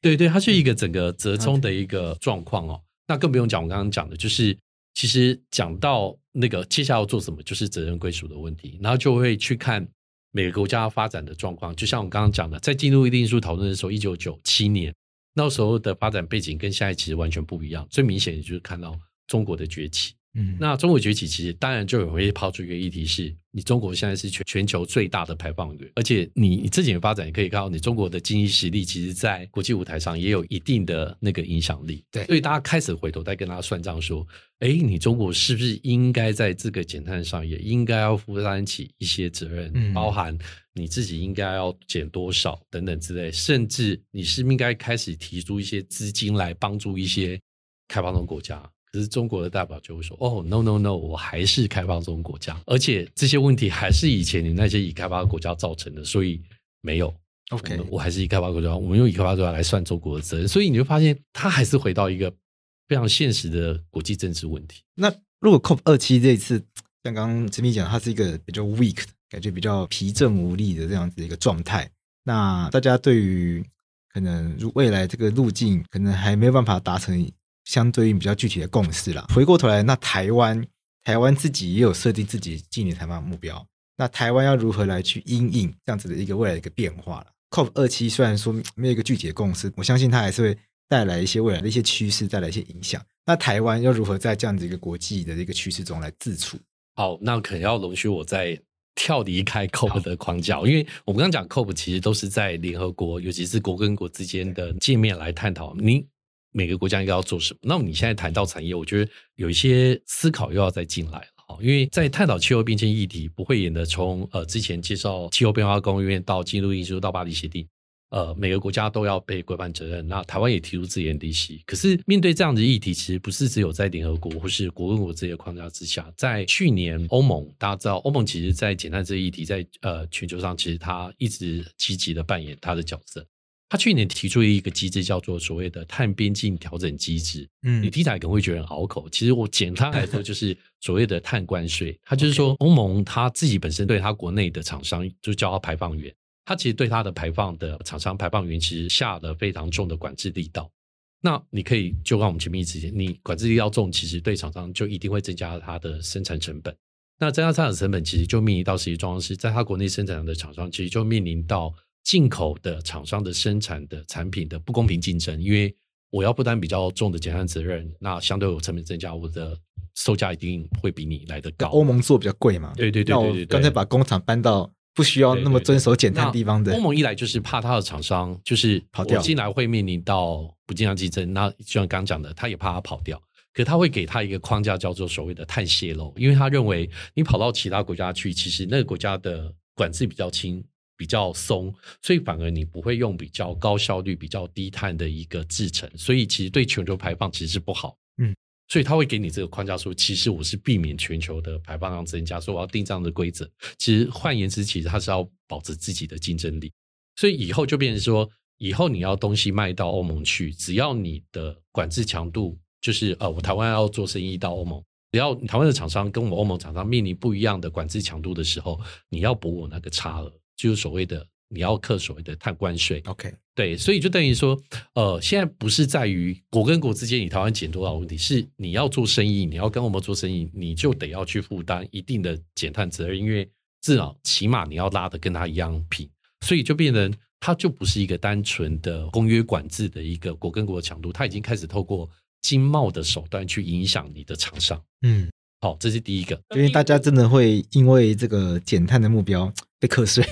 Speaker 2: 對對，它是一個整個折衷的一個狀況哦。那更不用講，我剛剛講的就是，其實講到那個接下來要做什麼，就是責任歸屬的問題，然後就會去看每個國家發展的狀況。就像我剛剛講的，在進入議定書討論的時候，一九九七年那時候的發展背景跟現在其實完全不一樣。最明顯的就是看到中國的崛起。嗯、那中國崛起，其實當然就有會拋出一個議題：是你中國現在是全全球最大的排放源，而且你自己的發展你可以看到，你中國的經濟實力其實，在國際舞台上也有一定的那個影響力。對，所以大家開始回頭在跟大家算賬說：，哎，你中國是不是應該在這個減碳上，也應該要負擔起一些責任？包含你自己應該要減多少等等之類，甚至你是不是應該開始提出一些資金來幫助一些開發中國家。只是中國的代表就會說：“哦、oh，no no no，我還是開發中國家，而且這些問題還是以前的那些已開發國家造成的，所以沒有 OK，我，我還是已開發國家，我們用以開發國家來算中國的責任，所以你會發現它還是回到一個非常現實的國際政治問題。
Speaker 1: 那如果 COP 27這一次像剛剛陳明講，它是一個比較 weak，感覺比較疲政無力的這樣子一個狀態，那大家對於可能未來這個路徑可能還沒有辦法達成。”相對比較具體的共識了，回過頭來，那台灣台灣自己也有設定自己近年台灣的目標，那台灣要如何來去因應這樣子的一個未來的一個變化了 COP27 雖然說沒有一個具體的共識，我相信它還是會帶來一些未來的一些趨勢，帶來一些影響。那台灣要如何在這樣子一個國際的一個趨勢中來自處？
Speaker 2: 好，那可能要容許我再跳離開 COP 的框架，好因為我剛剛講 COP 其實都是在聯合國，尤其是國跟國之間的界面來探討對每個國家應該要做什麼？那麼你現在談到產業，我覺得有一些思考又要再進來了啊！因為在探討氣候變遷議題，不會演的從呃之前介紹氣候變化公約到京都議定書到巴黎協定，呃，每個國家都要被規範責任。那台灣也提出自己的利息，可是面對這樣的議題，其實不是只有在聯合國或是國跟國這些框架之下。在去年歐盟，大家知道歐盟其實在減碳這個議題，在呃全球上其實他一直積極的扮演他的角色。他去年提出一個機制，叫做所謂的碳邊境調整機制。嗯，你聽起來可能會覺得很拗口。其實我簡單來說，就是所謂的碳關稅。他 就是說，歐盟他自己本身對他國內的廠商，就叫他排放源，他其實對他的排放的廠商排放源，其實下了非常重的管制力道。那你可以就跟我們前面一直講，你管制力要重，其實對廠商就一定會增加他的生產成本。那增加生產，產成本，其實就面臨到實際狀況是在他國內生產的廠商，其實就面臨到。進口的廠商的生產的產品的不公平競爭，因為我要負擔比較重的減碳責任，那相對我成本增加，我的
Speaker 1: 售價一定會比你來得高。歐盟做比較貴嘛？對對對，對對對。對對。剛才把工廠搬到不需要那麼遵守減碳地方的，歐
Speaker 2: 盟一來就是怕他的廠商就是跑掉，進來會面臨到不經常競爭。那就像剛剛講的，他也怕他跑掉，可他會給他一個框架叫做所謂的碳泄漏，因為他認為你跑到其他國家去，其實那個國家的管制比較輕。比較鬆，所以反而你不會用比較高效率、比較低碳的一個製程，所以其實對全球排放其實是不好。嗯，所以他會給你這個框架說，其實我是避免全球的排放量增加，說我要定這樣的規則。其實換言之，其實他是要保持自己的競爭力。所以以後就變成說，以後你要東西賣到歐盟去，只要你的管制強度就是呃，我台灣要做生意到歐盟，只要台灣的廠商跟我們歐盟廠商面臨不一樣的管制強度的時候，你要補我那個差額。就是所謂的你要課所謂的碳關稅，OK，對，所以就等於說，呃，現在不是在於國跟國之間你台灣減多少問題，是你要做生意，你要跟我們做生意，你就得要去負擔一定的減碳責任，因為至少起碼你要拉的跟他一樣平，所以就變成它就不是一個單純的公約管制的一個國跟國的強度，它已經開始透過經貿的手段去影響你的廠商。嗯，好，哦，這是第
Speaker 1: 一個，因為大家真的會因為這個減碳的目標被課稅。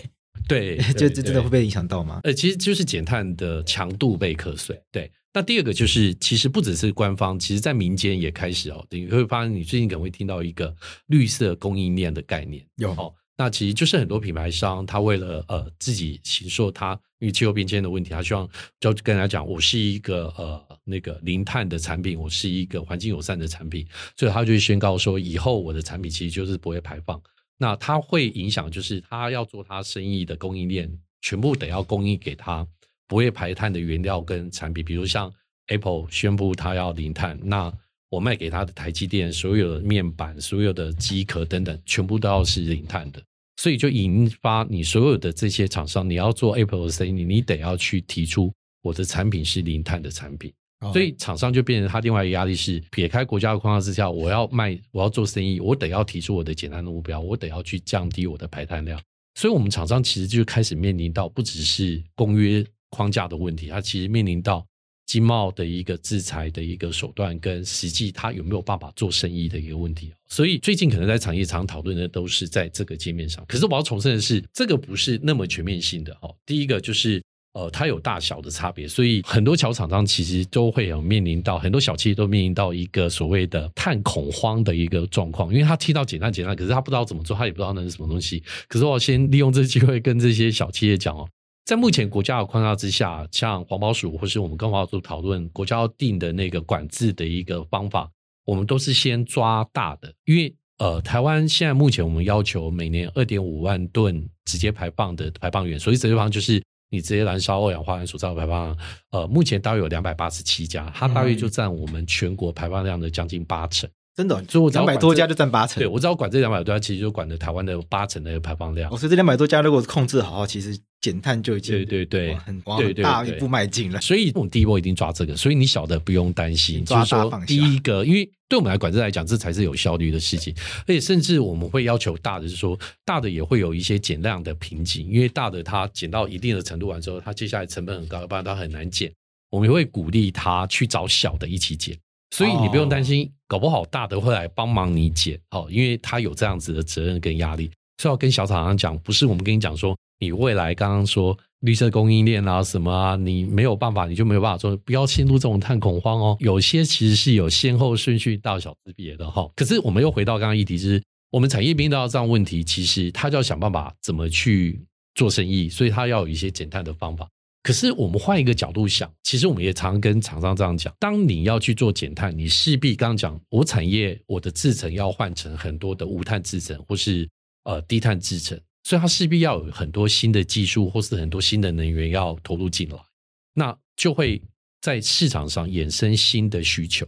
Speaker 1: 對，就就真的會被影響到嗎？
Speaker 2: 呃，其實就是減碳的強度被克碎。對，那第二個就是，其實不只是官方，其實在民間也開始哦，你會發現你最近可能會聽到一個綠色供應鏈的概念有哦。那其實就是很多品牌商他為了呃自己行，比如說他因為氣候變遷的問題，他希望就跟人家講我是一個呃那個零碳的產品，我是一個環境友善的產品，所以他就宣告說以後我的產品其實就是不會排放。那它會影響，就是他要做他生意的供應鏈，全部得要供應給他不會排碳的原料跟產品，比如像 Apple 宣布他要零碳，那我賣給他的台積電所有的面板、所有的機殼等等，全部都要是零碳的，所以就引發你所有的這些廠商，你要做 Apple 的生意，你得要去提出我的產品是零碳的產品。所以廠商就變成他另外一個壓力是，撇開國家的框架之下，我要賣，我要做生意，我得要提出我的簡單的目標，我得要去降低我的排碳量。所以，我們廠商其實就開始面臨到不只是公約框架的問題，它其實面臨到經貿的一個制裁的一個手段，跟實際他有沒有辦法做生意的一個問題。所以，最近可能在產業場討論的都是在這個界面上。可是我要重申的是，這個不是那麼全面性的。哦，第一個就是。呃，它有大小的差別，所以很多小廠商其實都會有面臨到很多小企業都面臨到一個所謂的碳恐慌的一個狀況，因為他聽到減碳減碳，可是他不知道怎麼做，他也不知道那是什麼東西。可是我要先利用這機會跟這些小企業講哦、喔，在目前國家的框架之下，像環保署或是我們跟環保署討論國家要定的那個管制的一個方法，我們都是先抓大的，因為呃，台灣現在目前我們要求每年二點五萬噸直接排放的排放源，所以這個地方就是。你直接燃燒二氧化碳所造的排放，呃，目前大約有兩百八十七家，它大約就占我們全國排放量的將近八成，嗯。
Speaker 1: 真的、哦，就兩百多家就
Speaker 2: 占八成。我知道對，我只要管這
Speaker 1: 兩百多家，其實就管了台灣的八成的那個排放量。我、哦、所以這兩百多家如果控制好，其實。減碳就已經對對對，往大對對對對一步邁進了。所以我們第
Speaker 2: 一波一定抓這個，所以你小的不用擔心，就是說第一個，啊、因為對我們來管制來講，這才是有效率的事情。而且甚至我們會要求大的，是說大的也會有一些減量的瓶頸，因為大的它減到一定的程度完之後，它接下來成本很高，要不然它很難減。我們也會鼓勵他去找小的一起減，所以你不用擔心，哦、搞不好大的會來幫忙你減哦，因為他有這樣子的責任跟壓力。是要跟小廠商講，不是我們跟你講說，你未來剛剛說綠色供應鏈啊什麼啊，你沒有辦法，你就沒有辦法做，不要陷入這種碳恐慌哦。有些其實是有先後順序、大小之別的哈。可是我們又回到剛剛議題，就是我們產業面臨到這樣問題，其實他就要想辦法怎麼去做生意，所以他要有一些減碳的方法。可是我們換一個角度想，其實我們也常跟廠商這樣講，當你要去做減碳，你勢必剛剛講我產業我的制程要換成很多的無碳制程，或是呃，低碳製程，所以它勢必要有很多新的技術，或是很多新的能源要投入進來，那就會在市場上衍生新的需求。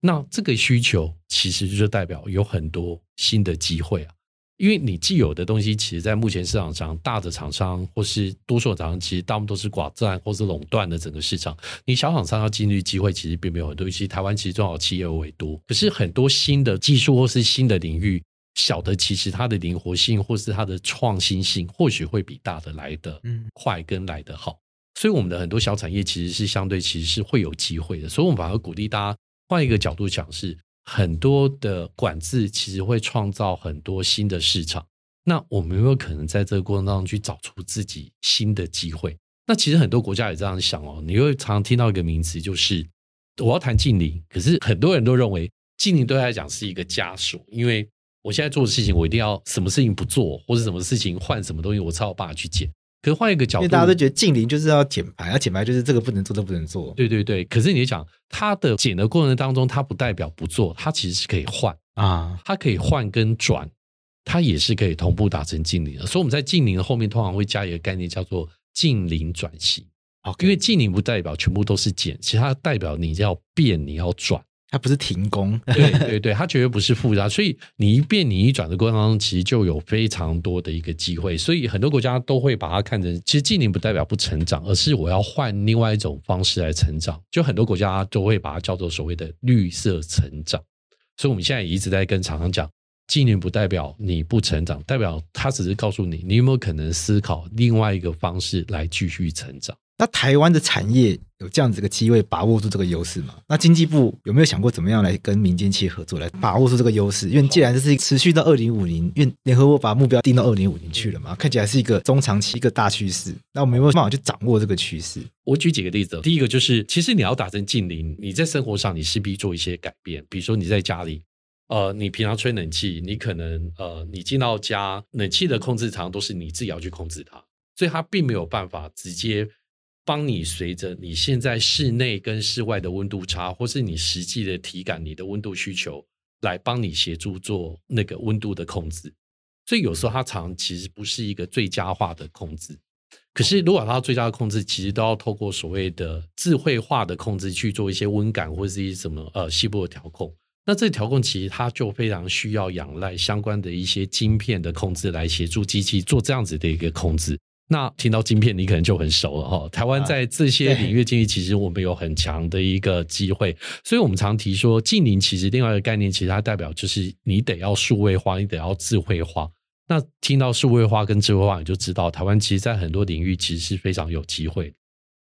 Speaker 2: 那這個需求其實就是代表有很多新的機會啊，因為你既有的東西，其實在目前市場上，大的廠商或是多數的廠商，其實大部分都是寡占或是壟斷的整個市場。你小廠商要進入的機會，其實並沒有很多。其實台灣其實中小企業為多，可是很多新的技術或是新的領域。小的其實它的靈活性，或是它的創新性，或許會比大的來得快，跟來得好。所以我們的很多小產業其實是相對，其實是會有機會的。所以，我們反而鼓勵大家換一個角度講，是很多的管制其實會創造很多新的市場。那我們有沒有可能在這個過程當中去找出自己新的機會？那其實很多國家也這樣想哦。你會常常聽到一個名詞，就是我要談淨零，可是很多人都認為淨零對他來講是一個枷鎖，因為我現在做的事情，我一定要什麼事情不做，或者什麼事情換什麼東西，我才有辦法去減。可是換一個角度，因為大家都覺
Speaker 1: 得淨零就是要減排，要減排就是這個不能做都、這個、不能做。
Speaker 2: 對對對，可是你就想它的減的過程當中，它不代表不做，它其實是可以換啊，啊它可以換跟轉，它也是可以同步達成淨零的。所以我們在淨零的後面通常會加一個概念叫做淨零轉型啊，Okay 因為淨零不代表全部都是減，其實它代表你要變，你要轉。它不是停工對，對對對，它絕對不是複雜。 所以你一變你一轉的過程當中，其實就有非常多的一個機會，所以很多國家都會把它看成，其實淨零不代表不成長，而是我要換另外一種方式來成長。就很多國家都會把它叫做所謂的綠色成長，所以我們現在一直在跟廠商講，淨零不代表你不成長，代表他只是告訴你，你有沒有可能
Speaker 1: 思考另外一個方式來繼續成長。那台灣的產業有這樣子一個機會把握住這個優勢嗎？那經濟部有沒有想過怎麼樣來跟民間企業合作來把握住這個優勢？因為既然這是持續到二零五零，因為聯合國把目標定到二零五零去了嘛，看起來是一個中長期一個大趨勢。那我們有沒有辦法去掌握這個趨勢？
Speaker 2: 我舉幾個例子，第一個就是，其實你要達成淨零，你在生活上你勢必做一些改變，比如說你在家裡，呃，你平常吹冷氣，你可能呃，你進到家冷氣的控制上都是你自己要去控制它，所以它並沒有辦法直接。幫你隨着你現在室內跟室外的溫度差，或是你實際的體感，你的溫度需求來幫你協助做那個溫度的控制。所以有時候它常常其實不是一個最佳化的控制。可是如果它最佳的控制，其實都要透過所謂的智慧化的控制去做一些溫感或是一些什麼呃細部的調控。那這調控其實它就非常需要仰賴相關的一些晶片的控制來協助機器做這樣子的一個控制。那聽到晶片，你可能就很熟了哈。台灣在這些領域，其實我們有很強的一個機會。所以我們常提說，淨零，其實另外一個概念，其實它代表就是你得要數位化，你得要智慧化。那聽到數位化跟智慧化，你就知道台灣其實，在很多領域其實是非常有機會。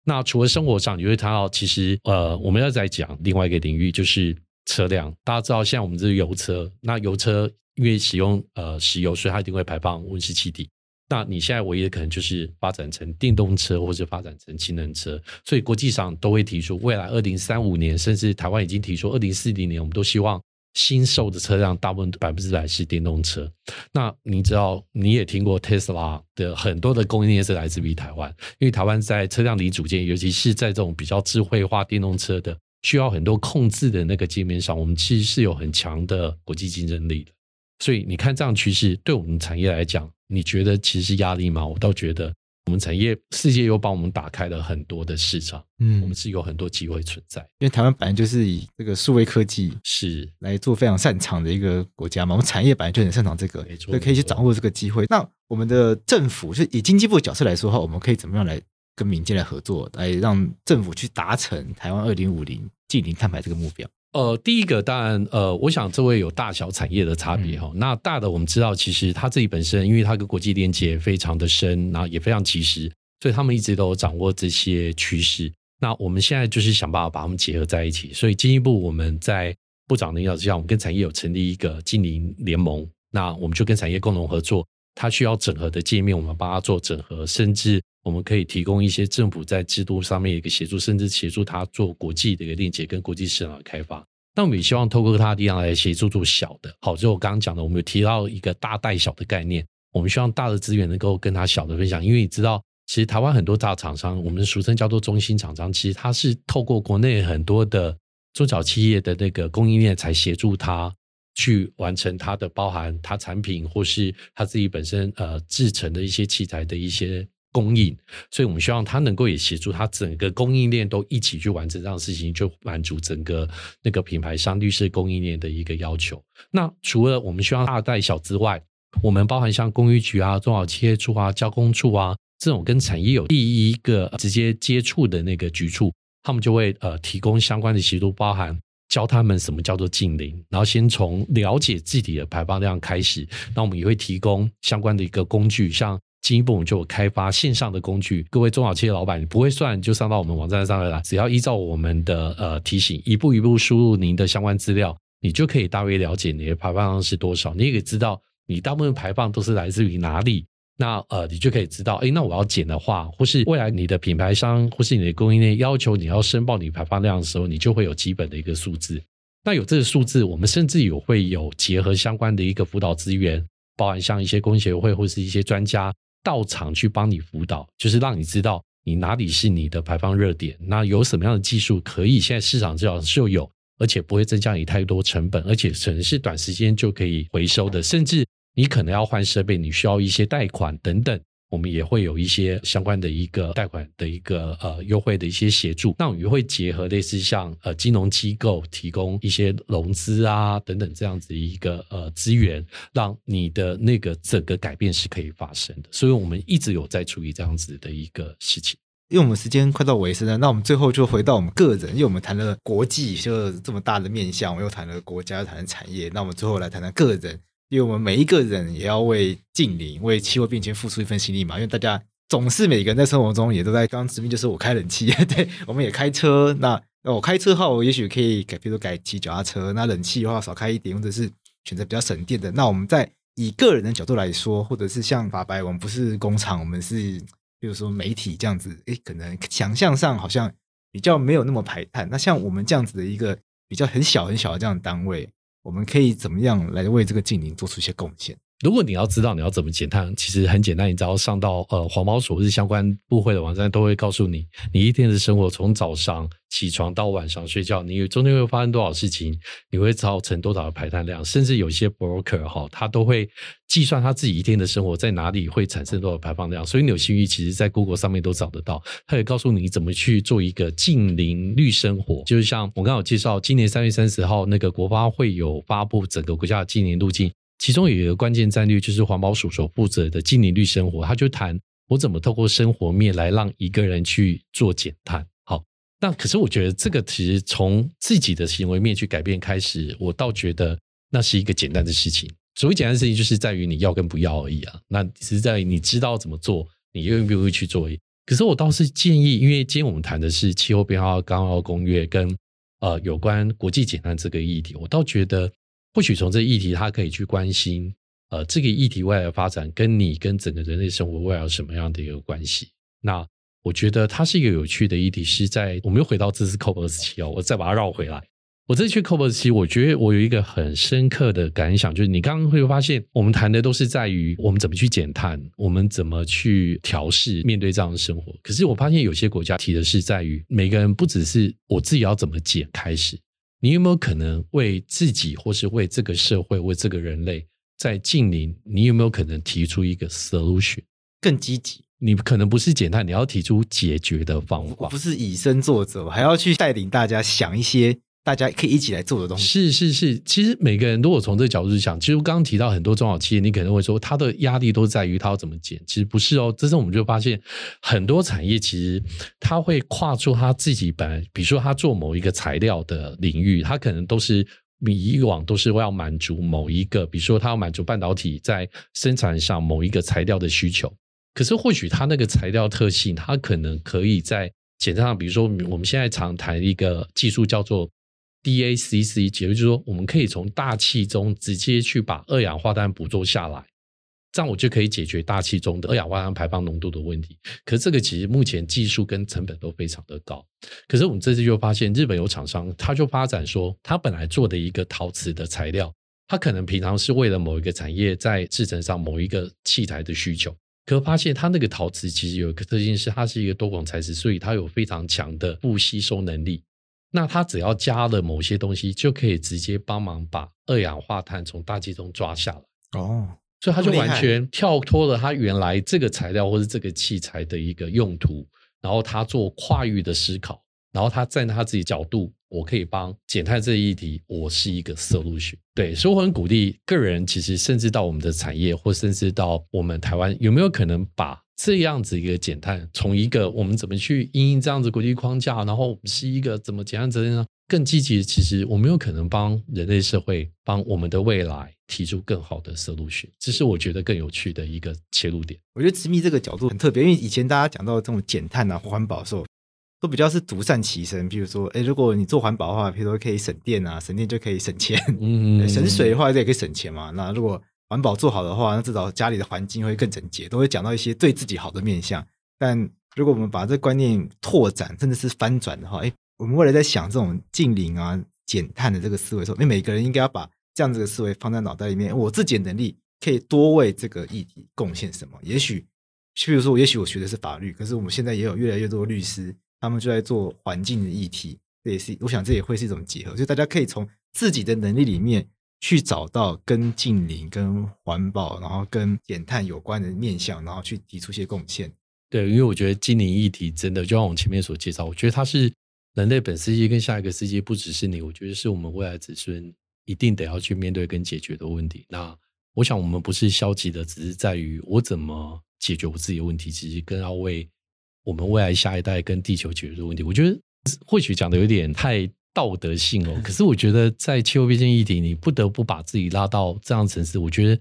Speaker 2: 那除了生活上，你會談到其實呃，我們要再講另外一個領域，就是車輛。大家知道，現在我們這是油車，那油車因為使用呃石油，所以它一定會排放溫室氣體。那你現在唯一的可能就是發展成電動車，或是發展成氫能車，所以國際上都會提出未來二零三五年，甚至台灣已經提出二零四零年，我們都希望新售的車輛大部分百分之百是電動車。那你知道你也聽過特斯拉的很多的供應鏈是來自於台灣，因為台灣在車輛零組件，尤其是在這種比較智慧化電動車的需要很多控制的那個界面上，我們其實是有很強的國際競爭力的。所以你看這樣趨勢，對我們產業來講。你覺得其實是壓力嗎？我倒覺得，我們產業世界又幫我們打開了很多的市場，嗯，我們是有很多
Speaker 1: 機會存在。因為台灣本來就是以這個數位科技是來做非常擅長的一個國家嘛，我們產業本來就很擅長這個，沒錯，所以可以去掌握這個機會。對那我們的政府是以經濟部的角色來說的話，我們可以怎麼樣來跟民間來合作，來讓政府去達成台灣二零五零淨零碳排這個目標？
Speaker 2: 呃，第一個當然，呃，我想這位有大小產業的差別哈。嗯、那大的我們知道，其實它自己本身，因為它跟國際連接非常的深，然後也非常及時，所以他們一直都有掌握這些趨勢。那我們現在就是想辦法把它們結合在一起，所以進一步我們在部長領導之下，我們跟產業有成立一個淨零聯盟。那我們就跟產業共同合作，它需要整合的界面，我們把它做整合，甚至。我們可以提供一些政府在制度上面一個協助，甚至協助他做國際的一個鏈接跟國際市場的開發。那我們也希望透過他的力量來協助做小的。好，就我剛剛講的，我們有提到一個大帶小的概念。我們希望大的資源能夠跟他小的分享，因為你知道，其實台灣很多大廠商，我們俗稱叫做中心廠商，其實它是透過國內很多的中小企業的那個供應鏈，才協助他去完成他的，包含他產品或是他自己本身呃制成的一些器材的一些供應，所以我們希望他能夠也協助他整個供應鏈都一起去完成這樣的事情，就滿足整個那個品牌商綠色供應鏈的一個要求。那除了我們希望大帶小之外，我們包含像工業局啊、中小企業處啊、交工處啊這種跟產業有第一，一個直接接觸的那個局處，他們就會呃提供相關的協助，包含教他們什麼叫做淨零，然後先從了解自己的排放量開始。那我們也會提供相關的一個工具，像。進一步，我們就開發線上的工具。各位中小企業老闆，你不會算就上到我們網站上來，只要依照我們的呃提醒，一步一步輸入您的相關資料，你就可以大約了解你的排放量是多少。你也可以知道，你大部分排放都是來自於哪裡。那呃，你就可以知道，誒，那我要減的話，或是未來你的品牌商或是你的供應鏈要求你要申報你排放量的時候，你就會有基本的一個數字。那有這個數字，我們甚至有會有結合相關的一個輔導資源，包含像一些工協會或是一些專家。到場去幫你輔導，就是讓你知道你哪裡是你的排放熱點，那有什麼樣的技術可以，現在市場至少就有，而且不會增加你太多成本，而且可能是短時間就可以回收的，甚至你可能要換設備，你需要一些貸款等等。我們也會有一些相關的一個貸款的一個呃優惠的一些協助，那我們也會結合類似像呃金融機構提供一些融資啊等等這樣子一個呃資源，讓你的那個整個改變是可以發生的。所以我們一直
Speaker 1: 有在處理這樣子的一個事情。因為我們時間快到尾聲了，那我們最後就回到我們個人，因為我們談了國際就這麼大的面向，我們又談了國家，又談了產業，那我們最後來談談個人。因為我們每一個人也要為淨零，為氣候變遷付出一份心力嘛。因為大家總是每個人在生活中也都在，剛剛直面就是我開冷氣，對，我們也開車。那我、哦、開車後，也許可以改，比如說改騎腳踏車。那冷氣的話少開一點，或者是選擇比較省電的。那我們在以個人的角度來說，或者是像法白，我們不是工廠，我們是比如說媒體這樣子。哎、欸，可能想象上好像比較沒有那麼排碳。那像我們這樣子的一個比較很小很小的這樣的單位，我們可以怎麼樣來為這個淨零做出一些貢獻？
Speaker 2: 如果你要知道你要怎麼減碳，其實很簡單，你只要上到呃環保署或是相關部會的網站，都會告訴你你一天的生活從早上起床到晚上睡覺，你中間會發生多少事情，你會造成多少的排碳量，甚至有些 broker 哈、哦，他都會計算他自己一天的生活在哪裡會產生多少排放量，所以你有興趣其實在 Google 上面都找得到，他也告訴你怎麼去做一個淨零綠生活，就是像我剛有介紹，今年三月三十號那個國發會有發布整個國家的淨零路徑。其中有一個關鍵戰略，就是環保署所負責的“淨零綠生活”，他就談我怎麼透過生活面來讓一個人去做減碳。好，那可是我覺得這個其實從自己的行為面去改變開始，我倒覺得那是一個簡單的事情。所謂簡單的事情，就是在於你要跟不要而已啊。那其實在於你知道怎麼做，你願不願意去做？可是我倒是建議，因為今天我們談的是氣候變化綱要公約跟呃有關國際減碳這個議題，我倒覺得。或許從這個議題，他可以去關心，呃，這個議題未來的發展跟你跟整個人類生活未來有什麼樣的一個關係？那我覺得它是一個有趣的議題。是在我們又回到這次 COBOS 七哦，我再把它繞回來。我這次去 COBOS 七，我覺得我有一個很深刻的感想，就是你剛剛會發現，我們談的都是在於我們怎麼去減碳，我們怎麼去調試面對這樣的生活。可是我發現有些國家提的是在於每個人不只是我自己要怎麼減開始。你有沒有可能為自己，或是為這個社會、為這個人類，在盡力？你有沒有可能提出一個 solution？更積極？你可能不是簡單，你要提出解決的方法，
Speaker 1: 不是以身作則，我還要去帶領大家想一些。大家可以一起來做的東西是是是，其實每個人如果從這角
Speaker 2: 度去想，其實剛剛提到很多中小企業，你可能會說它的壓力都在於它要怎麼減。其實不是哦，這是我們就發現很多產業其實它會跨出它自己本來，比如說它做某一個材料的領域，它可能都是以，以往都是要滿足某一個，比如說它要滿足半導體在生產上某一個材料的需求。可是或許它那個材料特性，它可能可以在簡單上，比如說我們現在常談一個技術叫做。DACC 也就是說，我們可以從大氣中直接去把二氧化碳捕捉下來，這樣我就可以解決大氣中的二氧化碳排放濃度的問題。可是這個其實目前技術跟成本都非常的高。可是我們這次就發現，日本有廠商，他就發展說，他本來做的一個陶瓷的材料，他可能平常是為了某一個產業在製程上某一個器材的需求，可發現他那個陶瓷其實有一個特性，是它是一個多孔材質，所以它有非常強的不吸收能力。那他只要加了某些東西，就可以直接幫忙把二氧化碳從大氣中抓下來。哦，所以他就完全跳脫了他原來這個材料或是這個器材的一個用途，然後他做跨域的思考，然後他站在他自己角度，我可以幫減碳這一題，我是一個 solution。嗯、對，所以我很鼓勵個人，其實甚至到我們的產業，或甚至到我們台灣，有沒有可能把？這樣子一個減碳，從一個我們怎麼去因應這樣子國際框架，然後是一個怎麼減碳責任呢？更積極，其實我們沒有可能幫人類社會、幫我們的未來
Speaker 1: 提出更好的 solution 這是我覺得更有趣的一個切入點。我覺得執秘這個角度很特別，因為以前大家講到這種減碳啊、環保的時候，都比較是獨善其身。比如說，欸，如果你做環保的話，比如說可以省電啊，省電就可以省錢。嗯嗯嗯嗯，省水的話，這也可以省錢嘛。那如果環保做好的話，那至少家裡的環境會更整潔，都會講到一些對自己好的面向。但如果我們把這觀念拓展，甚至是翻轉的話，哎、欸，我們未來在想這種淨零啊、減碳的這個思維，的時候，哎，每個人應該要把這樣子的思維放在腦袋裡面。我自己的能力可以多為這個議題貢獻什麼？也許，譬比如說，我也許我學的是法律，可是我們現在也有越來越多的律師，他們就在做環境的議題，這也是我想，這也會是一種結合，就大家可以從自己的能力裡面。去找到跟淨零跟環保，然後跟減碳有關的面向，然後去提出些貢獻。
Speaker 2: 對，因為我覺得淨零議題真的，就像我前面所介紹，我覺得它是人類本世紀跟下一個世紀，不只是你，我覺得是我們未來子孫一定得要去面對跟解決的問題。那我想我們不是消極的，只是在於我怎麼解決我自己的問題，其實更要為我們未來下一代跟地球解決的問題。我覺得或許講的有點太。道德性哦，可是我覺得在氣候變遷議題，你不得不把自己拉到這樣的層次，我覺得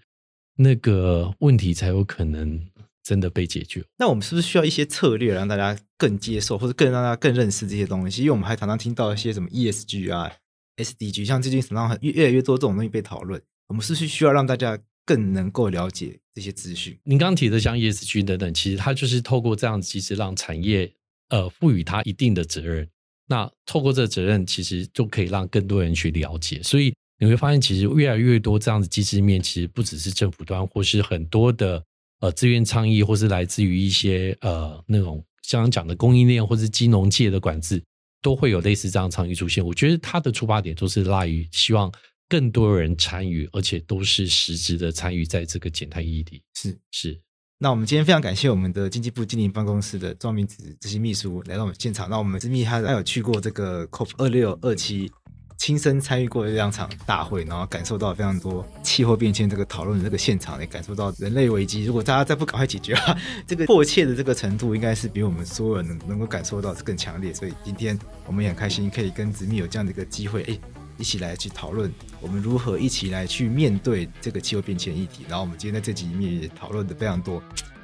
Speaker 2: 那個問題才有可能真的被解決。
Speaker 1: 那我們是不是需要一些策略，讓大家更接受，或者更讓大家更認識這些東西？因為我們還常常聽到一些什麼 ESG 啊、SDG，像最近常常越來越多這種東西被討論，我們是不是需要讓大家更能夠了解這些資訊。您
Speaker 2: 剛剛提的像 ESG 等等，其實它就是透過這樣的機制，讓產業呃賦予它一定的責任。那透過這個責任，其實就可以讓更多人去了解。所以你會發現，其實越來越多這樣的機制面，其實不只是政府端，或是很多的呃自願倡議，或是來自於一些呃那種像剛講的供應鏈，或是金融界的管制，都會有類似這樣的倡議出現。我覺得它的出發點都是賴於希望更多人參與，而且都是實質的參與在這個減碳議題。是是。是
Speaker 1: 那我們今天非常感謝我們的經濟部淨零辦公室的莊銘池執行秘書來到我們現場。那我們執秘還也有去過這個 COP 二六二七，親身參與過這兩場大會，然後感受到非常多氣候變遷這個討論的這個現場，也感受到人類危機。如果大家再不趕快解決的話，這個迫切的這個程度，應該是比我們所有人能夠感受到更強烈。所以今天我們也很開心，可以跟執秘有這樣的一個機會。哎。一起來去討論我們如何一起來去面對這個氣候變遷議題。然後我們今天在這集裡面也討論的非常多，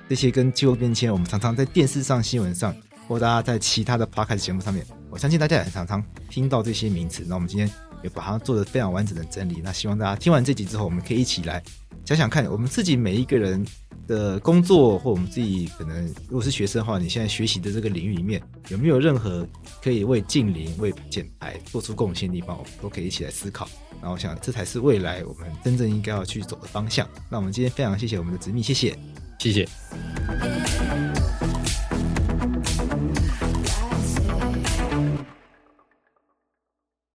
Speaker 1: 這些跟氣候變遷，我們常常在電視上、新聞上，或大家在其他的 podcast 節目上面，我相信大家也很常常聽到這些名詞。那我們今天也把它做得非常完整的整理。那希望大家聽完這集之後，我們可以一起來想想看，我們自己每一個人。的工作，或我們自己可能，如果是學生的話，你現在學習的這個領域裡面，有沒有任何可以為淨零、為減排做出貢獻的地方，我們都可以一起來思考。然後想，這才是未來我們真正應該要去走的方向。那我們今天非常謝謝我們的執秘，謝謝，謝謝。